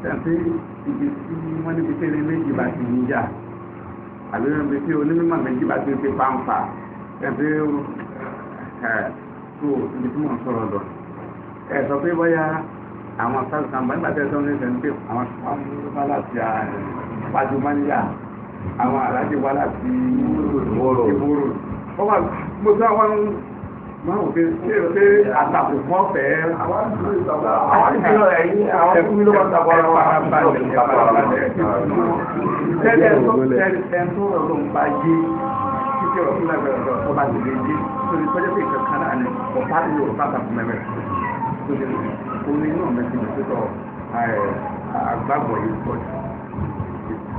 tẹ̀sí ibi tí wọ́n níbi tí ẹni méjì bá ti níjà àbí wọ́n níbi tí onímọ̀ méjì bá ti ti pàǹpà tẹ̀sí ẹ̀ tó ibi tí mò ń sọ̀rọ̀ lọ ẹ̀ sọ pé bóyá àwọn sáà sàmbá nígbà tẹ̀sí ọ̀nà ìṣẹ̀ ń pè àwọn sáà bá láti pàjùmọ́ níyà àwọn àlàjì wá láti ìbòrò wọ́n wà mo sọ àwọn máa wò pé ṣé ṣé àtàkù fún ọ̀fẹ́ àwọn ìṣòro ẹ̀yìn àwọn ìṣòro ló wà sàkọ́ra wà balẹ̀ tẹ́lẹ̀ tó tẹ́lẹ̀ tó rọ̀ ló ń bá yé títí ọ̀rọ̀ fúnlẹ̀ bẹ̀rẹ̀ rọ̀ tó bá lè lè yé lórí tọ́jú pé ìkan kan náà ni ọ̀pá ti lò ọ̀pá tàkùn mẹ́rẹ̀ tó lè lò ó ní inú ọ̀mẹ́sìn ìgbésẹ̀ àgbàgbọ̀ yìí pọ̀ jù.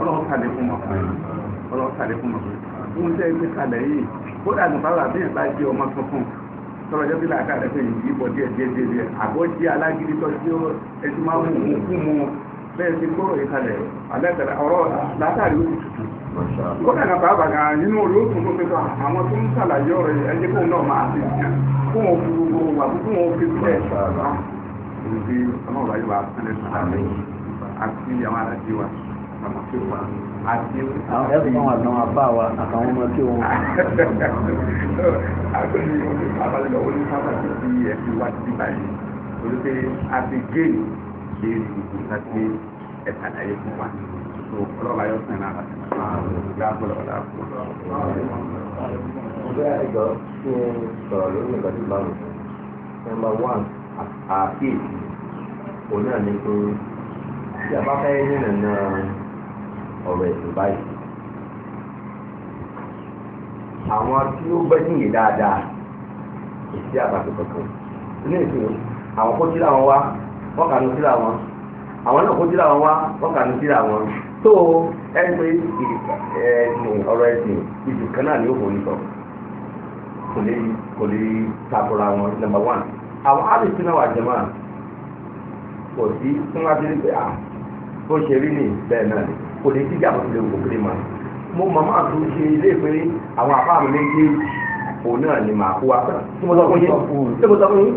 ọlọ́run kàlẹ́ fún ọkùnrin ọlọ́run kàlẹ́ fún ọkùnrin ohun tẹ́ ẹ gbé kalẹ̀ yìí kódà nípa wà bí ìbá jẹ́ ọmọ tuntun tọrọ jẹ́ bí làákà rẹ̀ fẹ́ yìí bọ̀ díẹ̀ díẹ̀ díẹ̀ díẹ̀ àbọ̀ jẹ́ alágídí tó ṣe ẹtí máa mú un fún mu bẹ́ẹ̀ ti kúrò yìí kalẹ̀ alẹ́tẹ̀rẹ̀ ọ̀rọ̀ látàrí ó ti tutù kódà nípa wà gan nínú orí ó tún tó àwọn tó ń ṣàlàyé ọ̀rọ̀ yìí ẹjẹ́ kóun náà máa sílẹ̀ ìgbé àti àwọn alájí wa àwọn ẹ̀sùn náà wà náà wà bá wa àtàwọn ọmọ kí wọn. àgbẹ̀ni abalẹ̀ lọ́wọ́ ní sábà tó fi ẹ̀sìn wá sí báyìí torí pé a ti géèlì lé ìgbìmọ̀ láti ẹ̀ka àdáyé fún wa tó ọlọ́wà yóò sàn náà láti máa gbá bọ̀lọ̀ ọ̀la fún wa. ọgbẹ́ àìjọ tí ń sọ̀rọ̀ lórí ìgbà tí bá mi nọ́mbà one òun náà ni pé tí a bá fẹ́ nínú náà. ọ̀rọ̀ ẹ̀sìn báyìí. àwọn tí ó bẹ́ ní ìyè dáadáa kò sí àbàtì kankan ilé ìsìn àwọn kó síra wọn wá wọ́n kà ní wọn àwọn náà kó síra wọn wá wọ́n kà ní wọn tó ọ̀rọ̀ kan náà ni ó sọ kò lè kò lè takora wọn àwọn náà wà jẹ́mọ́ sí fún pé à ṣe rí ní bẹ́ẹ̀ náà kò lè dídí àwọn ìlú òkèlè mọ́ mo màmá tó ṣe ilé ìpín àwọn àbá mi méjèèjì òun náà ni màá kó wa tí mo sọ fún yín tí mo sọ fún yín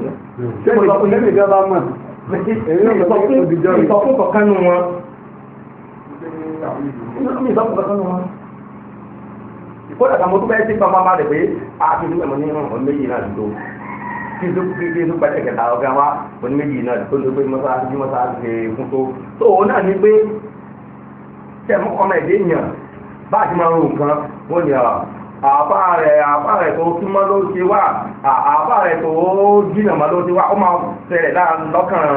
tí mo sọ fún yín lẹ́yìn ìjọba mọ̀ ìsọfún kọ̀ọ̀kan nù wọn. ìsọfún kọ̀ọ̀kan nù wọn kódà kà mo tún bẹ́ẹ̀ sí pàmò àmà rẹ̀ pé àti ìlú ẹ̀mọ́ ní ọ̀hún méjì náà dùn kí n tó kí n tó gbàdé kẹta ọ̀gá wa ọ̀hún méjì náà dùn tó ń tó pé mọ́sáàsì mọ́sáàsì fún tó. tó òun náà ní pé tẹ̀mú ọmọ ẹ̀dẹ́ yàn bá a ti máa ro nǹkan wọ́n ní àbá rẹ àbá a tó súnmọ́ ló ti wà àbá rẹ̀ tó jìnnà mọ́ ló ti wà ó máa fẹ̀rẹ̀ lọ́kàn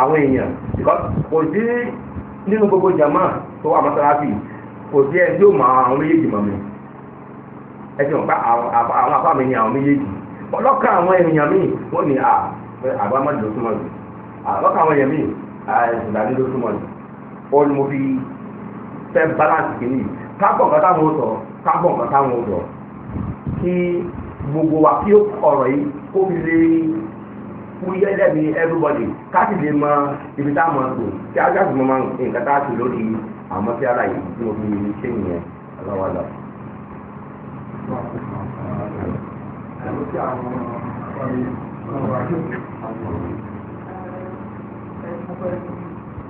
àwọn èèyàn kò sí nínú gbogbo jàmá tó wà mọ́sálásì kò sí ẹni àwọn méjèèjì mi ẹ ti mọ̀ pé àwọn àbá mi ni àwọn méjèèjì àwọn èèyàn mi wọ́n ní àbá àwọn èèyàn mi àìsàn ìdánilójúmọ́ òun mo fi fẹ́ balance kìíní kábọ̀ nǹkan táwọn ò sọ kábọ̀ nǹkan táwọn sọ kí gbogbo wa kí ọ̀rọ̀ yìí kó fi lè fúyẹ́ everybody lè mọ ibi tá a mọ̀ tó kí ajá sì máa nǹkan tá a lórí àmọ́ sí ara yìí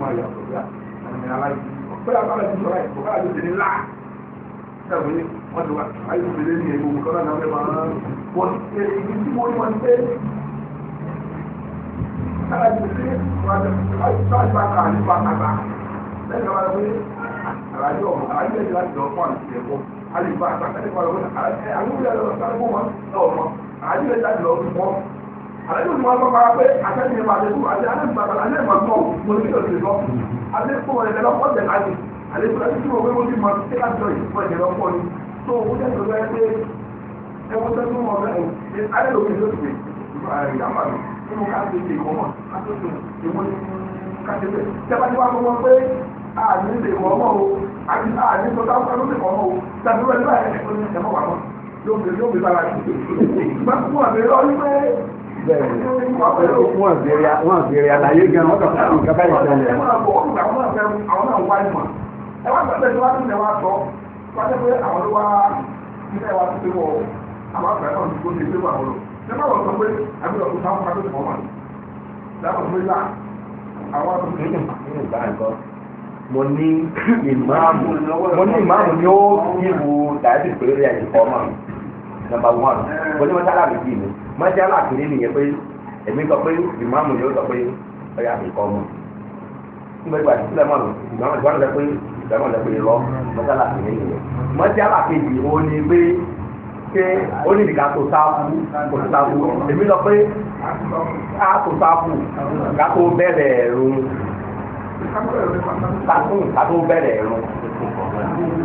kó yà ọ̀gá àmì aláìsí ọ̀pẹ́ àbára sọ̀rọ̀ ẹ̀kọ́ báyà ló ti ní là wọ́n ti wá ayé ìbílẹ̀ ní ewu kọ́lá náà fẹ́ máa wọ́n ti ṣe ibi tí wọ́n wọ́n ṣe aláìsí ṣe wọ́n ti sọ àgbà kan nípa àgbà lẹ́yìn náà wọ́n àlàyé ọ̀rọ̀ àlàyé ẹ̀jẹ̀ láti lọ fún àlùfẹ́ ẹ̀kọ́ alẹ́ ìgbà ale ni mɔgɔ b'a fɛ a ka ɲɛ ma ale ko ale ale ma ale ma mɔ mɔni dɔ de dɔn ale ko yɛrɛ la fɔ jɛn ale ale ko ale ko ko ni ma se ka jɔ yen fɔ jɛn la fɔ ni so o jɛn dɔ bɛ se ɛ ko sɛbɛn mɔ bɛ ɛ ale de bɛ se ɛ yamma do ko mo k'a se se kɔn ma a to so e mo ka se bɛ sabali b'a fɔ ko pe a ni se kɔn ma o a ni a ni sɔ k'a fɔ ko se kɔn ma o sabu wɛrɛ b'a yɛrɛ ko ni wọ́n bèrè wọ́n bèrè àlàyé gan wọ́n kàn fún ìkàbá ìṣẹ̀lẹ̀. àwọn náà wá ìmọ̀ ẹ wá sọ pé ìmáàmù ni ó yíwu dàbí pé ó yẹ ìfọ́ mọ́ nàmbà sálábì bíi mi májálà kìíní nìyẹn pé èmi sọ pé ìmáàmù yóò sọ pé ọyà ìkọ́ mu nígbà tí wàá ti sílẹ̀ mọ́nu ìmáàmù ìwádìí lọ pé ìgbàmọ̀ lọ pé irọ́ májálà kìíní nìyẹn májálà kejì ó ní pé ṣé ó ní ìdíkà tó sáfù kò tó sáfù èmi sọ pé ká tó sáfù ká tó bẹ̀rẹ̀ ẹ̀rù ká tó bẹ̀rẹ̀ ẹ̀rù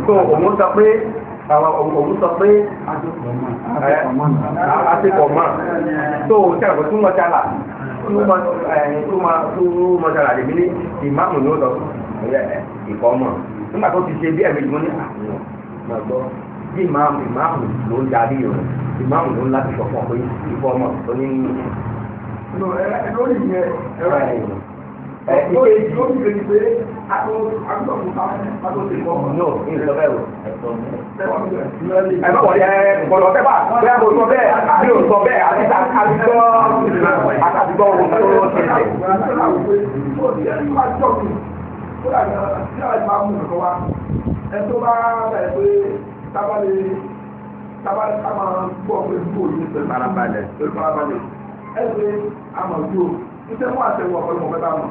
tó òun sọ pé àwọn òun sọ pé àtẹkọ̀mọ́ tó o tẹ̀ ọ̀pọ̀ túmọ̀ tààlà túmọ̀ tààlà lèmi ní ìmáàmù ní ó lọ ìkọ́mọ̀ nígbà tó ti ṣe bí ẹ̀mí ìmú ní àfihàn máa gbọ́ bí ìmáàmù ìmáàmù ló ń darí o ìmáàmù ló ń láti sọ fún ọ pé ìfọ́mọ̀ tó ní. lórí ìyẹn ẹ̀rọ ìyẹn. No, ìjọba ẹ̀rọ. Ẹ̀fọ́ wọ̀nyí ẹ̀ bọ̀dọ̀ tẹ́fà bẹ́ẹ̀ mo sọ bẹ́ẹ̀ mi ò sọ bẹ́ẹ̀ àti àtijọ́ àtàtijọ́ wo tó lọ sí ẹ̀. Ẹ̀tọ́ bá rẹ̀ pé tábàlẹ̀ tábàlẹ̀ tábà gbọ́ pé bóòlù ní pẹ̀lú farabalẹ̀ pẹ̀lú farabalẹ̀ ẹ̀ pé àmọ̀ yóò ń tẹ́wọ́ àtẹ̀wọ̀ ọ̀pọ̀lọpọ̀ bẹ́ẹ̀ bá mọ̀.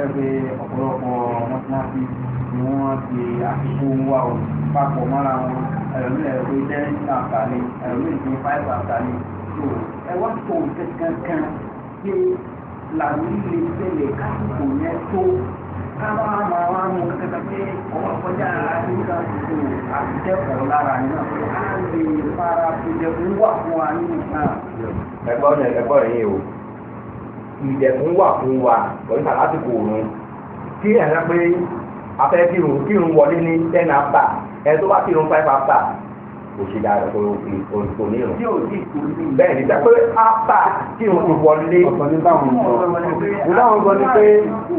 ẹgbẹ́ ọ̀pọ̀lọpọ̀ mọ́tíláṣí ni wọ́n ti àfikún wà ó papọ̀ mọ́ra wọn ẹ̀rọ̀mí ẹ̀rọ̀mí ten àǹfààní ẹ̀rọ̀mí ti five àǹfààní tó ẹwà tó kankan pé làwọn ilé tẹ̀lé kásìkò yẹn tó káwọn àmọ́ àwọn àmọ́ kankan pé ọmọ kọjá nígbà tó àtẹ̀kọ̀ lára náà á lè fara tó jẹ wà fún wa nínú náà. ẹgbọ́n ẹgbọ́n yìí o ìdẹ̀kùn wà fún wa lọ́dún àlásìkò òun kí ẹ̀rọ pé afẹ́ kírun kírun wọlé ní ten after ẹ̀ tó bá kírun five after òṣì dára tó kò ní ìrùn. bẹ́ẹ̀ ni jẹ́ pé apá tí o ti wọlé. ọ̀pọ̀ ní báwọn ní báwọn gbọ́ ni pé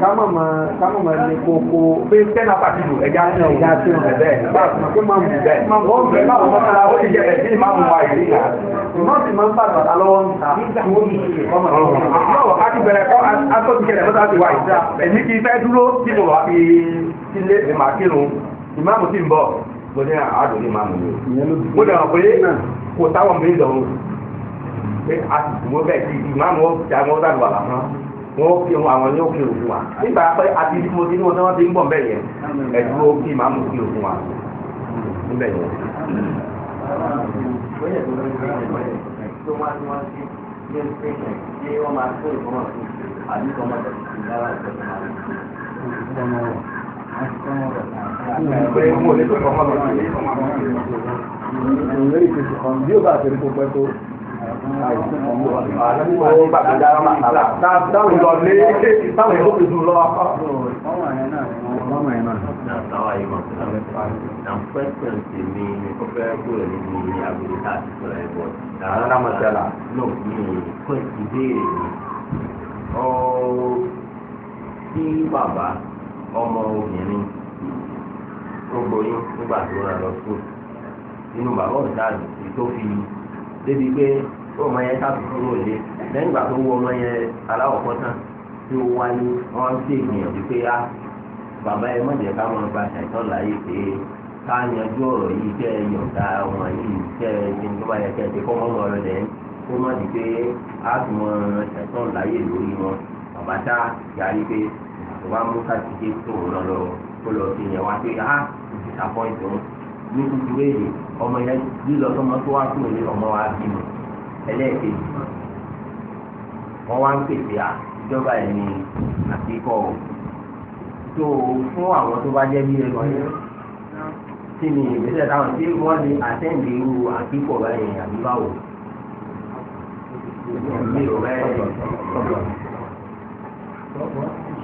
kámọ̀ mọ̀ ní kókó. pé ten apá ti lù ẹja tí ẹja tí o bẹ́ẹ̀ báwọn pé máa ń bù bẹ́ẹ̀. ó ń bẹ báwọn mọ́ sára ó ti jẹ ẹ̀sìn máa ń wá ìlú ìlà. wọ́n máa ń bàtà lọ́wọ́ ń ta. a tí mo ti ń bọ̀ mo ní àádùn ní màmú mi mo dẹ̀ wọ́n pé kò táwọn mi lọ pé a ti dùn mọ́ bẹ́ẹ̀ tí ìmáàmù ó ti àwọn ọ̀dà lùwàlà fún wọn fi wọn àwọn yóò fi òfin wa nígbà pé àti mo ti ní wọn ti ń bọ̀ ń yẹn ẹ̀dúró kí ìmáàmù fi òfin wa níbẹ̀ yẹn.
Thank bí
ó bá àtẹ̀lé tó pẹ́ tó táwọn lọ lé táwọn ìlú tuntun lọ. Question ti mi ni kò fẹ́ kúrò níbi àgbèrè tá a ti sọ̀rọ̀ ẹ̀ bọ̀. Àwọn ọmọ sẹ́la. No, mi kò ìbéèrè mi. Ọ́ tí bàbá ọmọ obìnrin tó gboyún nígbà tó rà lọ sùn inú bàbá ọ̀dà àdùsí tó fi débi pé ọmọ yẹn sábùkú ló lé lẹ́yìn ìgbà tó wọ ọmọ yẹn aláwọ̀ kan tán tí ó wáyé wọ́n ń ṣe ìgbìyànjú pé á ah, bàbá ẹ mọ̀jẹ̀ ká máa gba ṣàìtàn láàyè pé ká yanjú ọ̀rọ̀ yìí kẹ́ ẹ yọ̀ǹda wọn yìí kẹ́ ẹ ṣe tó bá yẹ kẹ́ ẹ ṣe kọ́ mọ́ ọ̀rọ̀ rẹ̀ kó má di pé á tún wọn ṣàìtàn láàyè lórí wọn bàbá tá yàrá pé tó bá mú kàdídé tó lọ lọ kó lọ sí yẹn wá pé ah disappoint o ní kúkú wéèrè ọmọ yẹn lílọ sọmọ tó wá fún mi ọmọ wa bí mi ẹlẹ́ẹ̀kejì wọ́n wá ń pèsè à ìjọba ẹ̀ ní àtikọ́ o tó fún àwọn tó bá jẹ́ bí ẹ̀rọ yẹn tí ni ìgbésẹ̀ táwọn tí wọ́n lè àtẹ́ǹdì irú àtikọ́ báyìí àbí báwo mi ò bẹ́ẹ̀.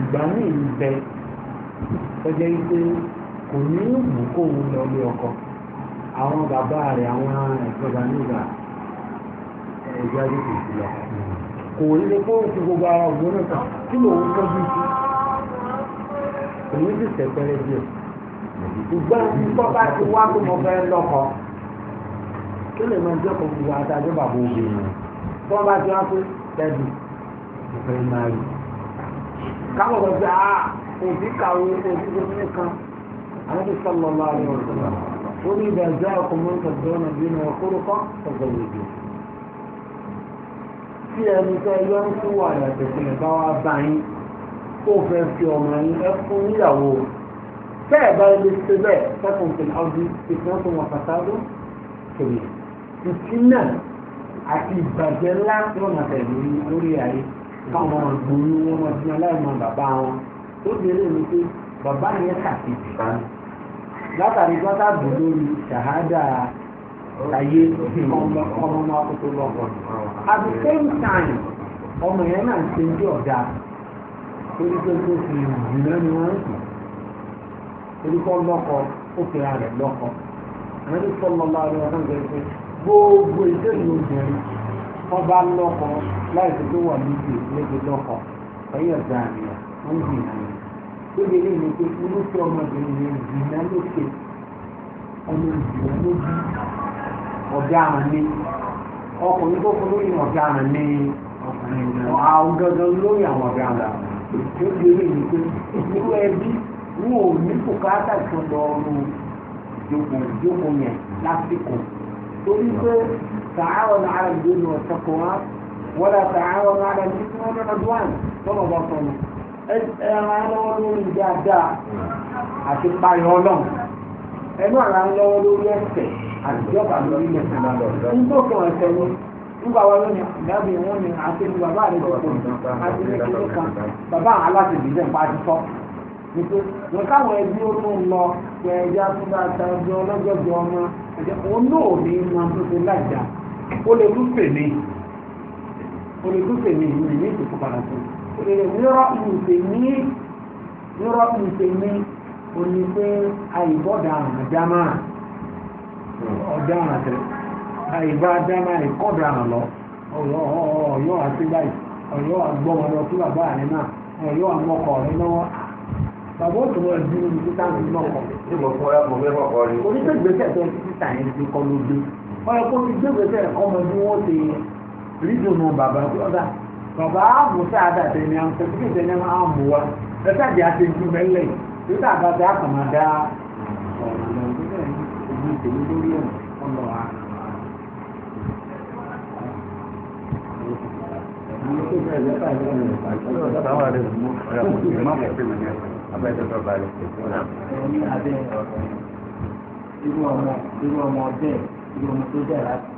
ìgbà míì ń bẹ ó jẹ́ kò ní wù kó òun lọ lé ọkọ àwọn bàbá rẹ̀ àwọn ẹ̀fọ́dà nígbà ẹ̀jẹ̀ àti kòkòrò lọ kò lè kó gbogbo ara òun náà tán kí lòun tọ́jú sí òun sì tẹ̀pẹ́rẹ́ díẹ̀ ti wá kó mo fẹ́ kí lè máa jẹ́ bàbá obìnrin tí bá ti wá pé káwọn ọ̀rọ̀ gbà á ah, òbí kàwé òbí gbogbo nìkan àwọn ti sọ lọ́la rẹ̀ ọ̀sán ó ní ìdá ìjọ ọkùnrin tọ̀dọ̀ náà bí wọn kóró kọ́ ọ̀gbọ̀n ìdè tí ẹni tẹ́ yọ ń fún wàrà ìpèsè bá wá bá yín ó fẹ́ fi ọmọ yín ẹ fún níyàwó bẹ́ẹ̀ bá ilé ṣe bẹ́ẹ̀ sẹ́kùn tó ọdún ìpínlẹ̀ tó wọn pàtàkì kèrè ìtínà àti ìbàjẹ́ ńlá lọ́nà tẹ̀lé lórí ayé káwọn ọ̀gbìn ní wọn máa fi aláìmọ bàbá wọn tó di eléyìí pé bàbá yẹn kàkì jùlọ látàrí gbọ́dá gbò lórí ṣàhádà ayé ọmọ ọmọ akótó lọ́kọ̀ at the same time ọmọ yẹn náà ṣe ń dí ọ̀dà torí pé tó fi jùlọ ni wọ́n ń sùn torí kọ́ lọ́kọ̀ ó fi ara rẹ̀ lọ́kọ̀ àmọ́tí sọ́lọ́lá rẹ̀ ọ̀sán gbẹ̀rẹ̀ pé gbogbo ìṣèlú obìnrin ọba lọ́kọ̀ láì fi tó wà níbi ìgbẹ́jọ́ lọ́kọ̀ ẹ̀yìn ọ̀gá mi ń gbìn yẹn. lóde ilé mi pé olóṣèlú ọmọbìnrin yẹn gbìn lókè ọmọ ìgbìmọ̀ lójú ọ̀gá àmà ọkùnrin tó fún lóyún ọ̀gá àmà ni ọkùnrin náà àwọn gangan lóyún àwọn ọ̀gá àmà. lóde ilé mi pé irú ẹbí wọn ò ní bùkátà tó lọ ọrùn ìjókòó ìjókòó yẹn lásìkò torí pé sàárọ̀ náà àrùn ìdóni ọ̀sẹ̀ kan wá. ولا تعاون على الاثم والعدوان tọ́lọ̀ bá sọ ni ẹ ràn án lọ́wọ́ lórí dáadáa àti payọ̀ ọlọ́run ẹ má ràn án lọ́wọ́ lórí ẹ̀ṣẹ̀ àti ìjọba lórí ẹ̀ṣẹ̀ nígbà tó ẹ̀ṣẹ̀ ni nígbà wa lónìí ìdábì wọn ni àti ní bàbá rẹ tó kù àti ní kíní kan bàbá aláṣẹ ìbílẹ̀ ń parí sọ nípé wọn káwọn ẹbí ó tún lọ pé ẹja tó bá ọlọ́jọ́ jọ ọmọ ẹ̀jẹ̀ òun náà ní máa tó ṣe láìjà ó lè rúfèé ní olùdókè mi ìlú ní ìdìbò padà sí èrè nírọ ìlùsè ní nírọ ìlùsè ní oní pé àìbọ̀dà àdámà ọ̀daràn tẹ àìbá àdámà ìkọ̀daràn lọ ọ̀yọ́ àti báyìí ọ̀yọ́ àgbọ̀mọ̀ lọ sí bàbá rẹ náà ọ̀yọ́ àmọ́kọ̀ rẹ lọ́wọ́ bàbá òtún wọn di ní títà ní mọ́kọ̀. ìbò fún ọyọ́ fún mi kọ̀ọ̀kan rí. oníṣègbèsè tó ti tà ní ti kọ́ ló dé ọyọ́ kó ti gbégbèsè ẹ̀kọ́ mọ bí wọ́n ti rídìò nù bàbá tó ọ̀dà bàbá àmú sí àdá tẹ̀lé àwọn tẹ̀lé tẹ̀lé àmú wa ẹ̀sẹ̀ àdì àti ìlú mẹ́lẹ̀ yìí tó àbá tẹ̀ àkàmà dá Irú ọmọ irú ọmọ bẹ́ẹ̀ irú ọmọ tó bẹ́ẹ̀ láti.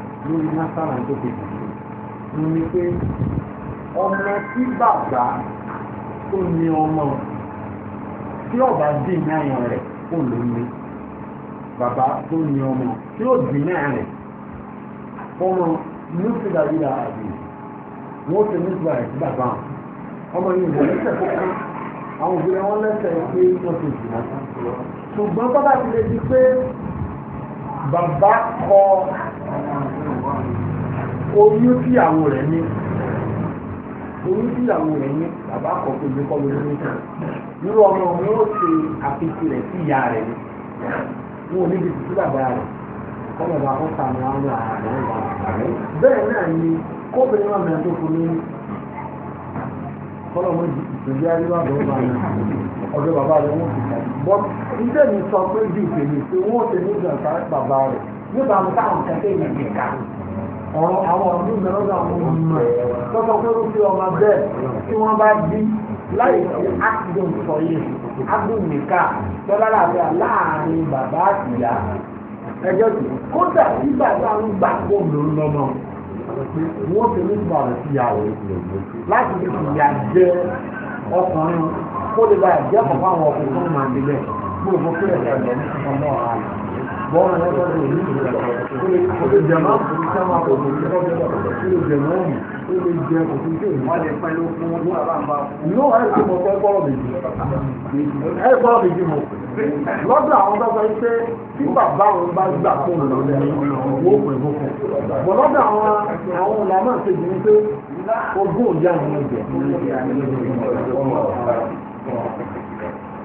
lórí násàrà tó ti dùn ní pé ọmọ tí bàbá tó ní ọmọ tí ọba dì náà rẹ̀ kò ló ní bàbá tó ní ọmọ tí ó dì náà rẹ̀ ọmọ nífìlà yìí àbí wọ́n ti nífìlà rẹ̀ sí bàbá ọmọ yìí wọ́n lẹ́sẹ̀ kọ́kọ́ àwọn obìnrin wọn lẹ́sẹ̀ pé wọ́n ti dì náà ṣùgbọ́n bàbá ti lè di pé bàbá kọ oyún tí àwọn rẹ̀ ní oyún tí àwọn rẹ̀ ní bàbá àkọ́kọ́ ìgbé kọ́ lórí ní kan ọmọ mi ó ṣe àfihàn rẹ̀ sí ìyá rẹ̀ ni wọn ò níbi títí bàbá rẹ̀ ọmọ bàbá kan sàmì àwọn àrùn àrùn bẹ́ẹ̀ náà ni kóbìnrin náà mẹ́rin tó fún ní kọ́lọ́mù ìpínlẹ̀ àríwá àbọ̀wọ̀ ọ̀dọ̀ bàbá rẹ̀ wọ́n ti sàbí. but iṣẹ́ mi sọ pé ju ìpèlè pé wọ́n ti ní ìjọba ọ̀rọ̀ àwọn ọ̀dún mẹ́rọ́dà àwọn olùmọ̀ lọ́sọ̀ pé ó fi ọmọ bẹ́ẹ̀ tí wọ́n bá bí láì sí ákùdùn sọ̀yè ákùdùn nìka tọ́lá làbẹ́ láàrin bàbá àti ìyá ẹjọ́ tí kódà nígbà tí àwọn gbà kó lòún lọ́mọ wọ́n ti ní ìgbà rẹ̀ síyàwó láti fi ìyà jẹ ọkùnrin kó lè bá ìjẹ́ kọ̀ọ̀kan àwọn ọkùnrin tó máa dé gbọ́dọ̀ fún kílẹ̀ bọ́ọ̀lù wọn bọ́ọ̀lù òní kò lè jẹ máa kò lè jẹ máa kò lè jẹ máa kò lè jẹ máa mi kò lè jẹ kò lè jẹ mi. wọ́n lè pẹ́ ló fún wọn lóra bá ń bá wọn. ìlú ẹ̀ ti mọ̀ fẹ́ bọ́ọ̀lù méjì ẹ̀ bọ́ọ̀lù méjì mọ̀ lọ́dọ̀ àwọn tó sọ pé tí bàbá wọn bá gbà fún un lọ́dọ̀ wọ́n pè fún un. bọ̀ lọ́dọ̀ àwọn àwọn làmọ́ ṣèjì ni pé ogún òjì àwọn ọ̀jẹ̀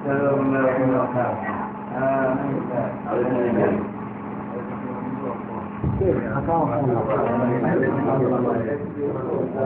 Thank you.
Amen. Ah,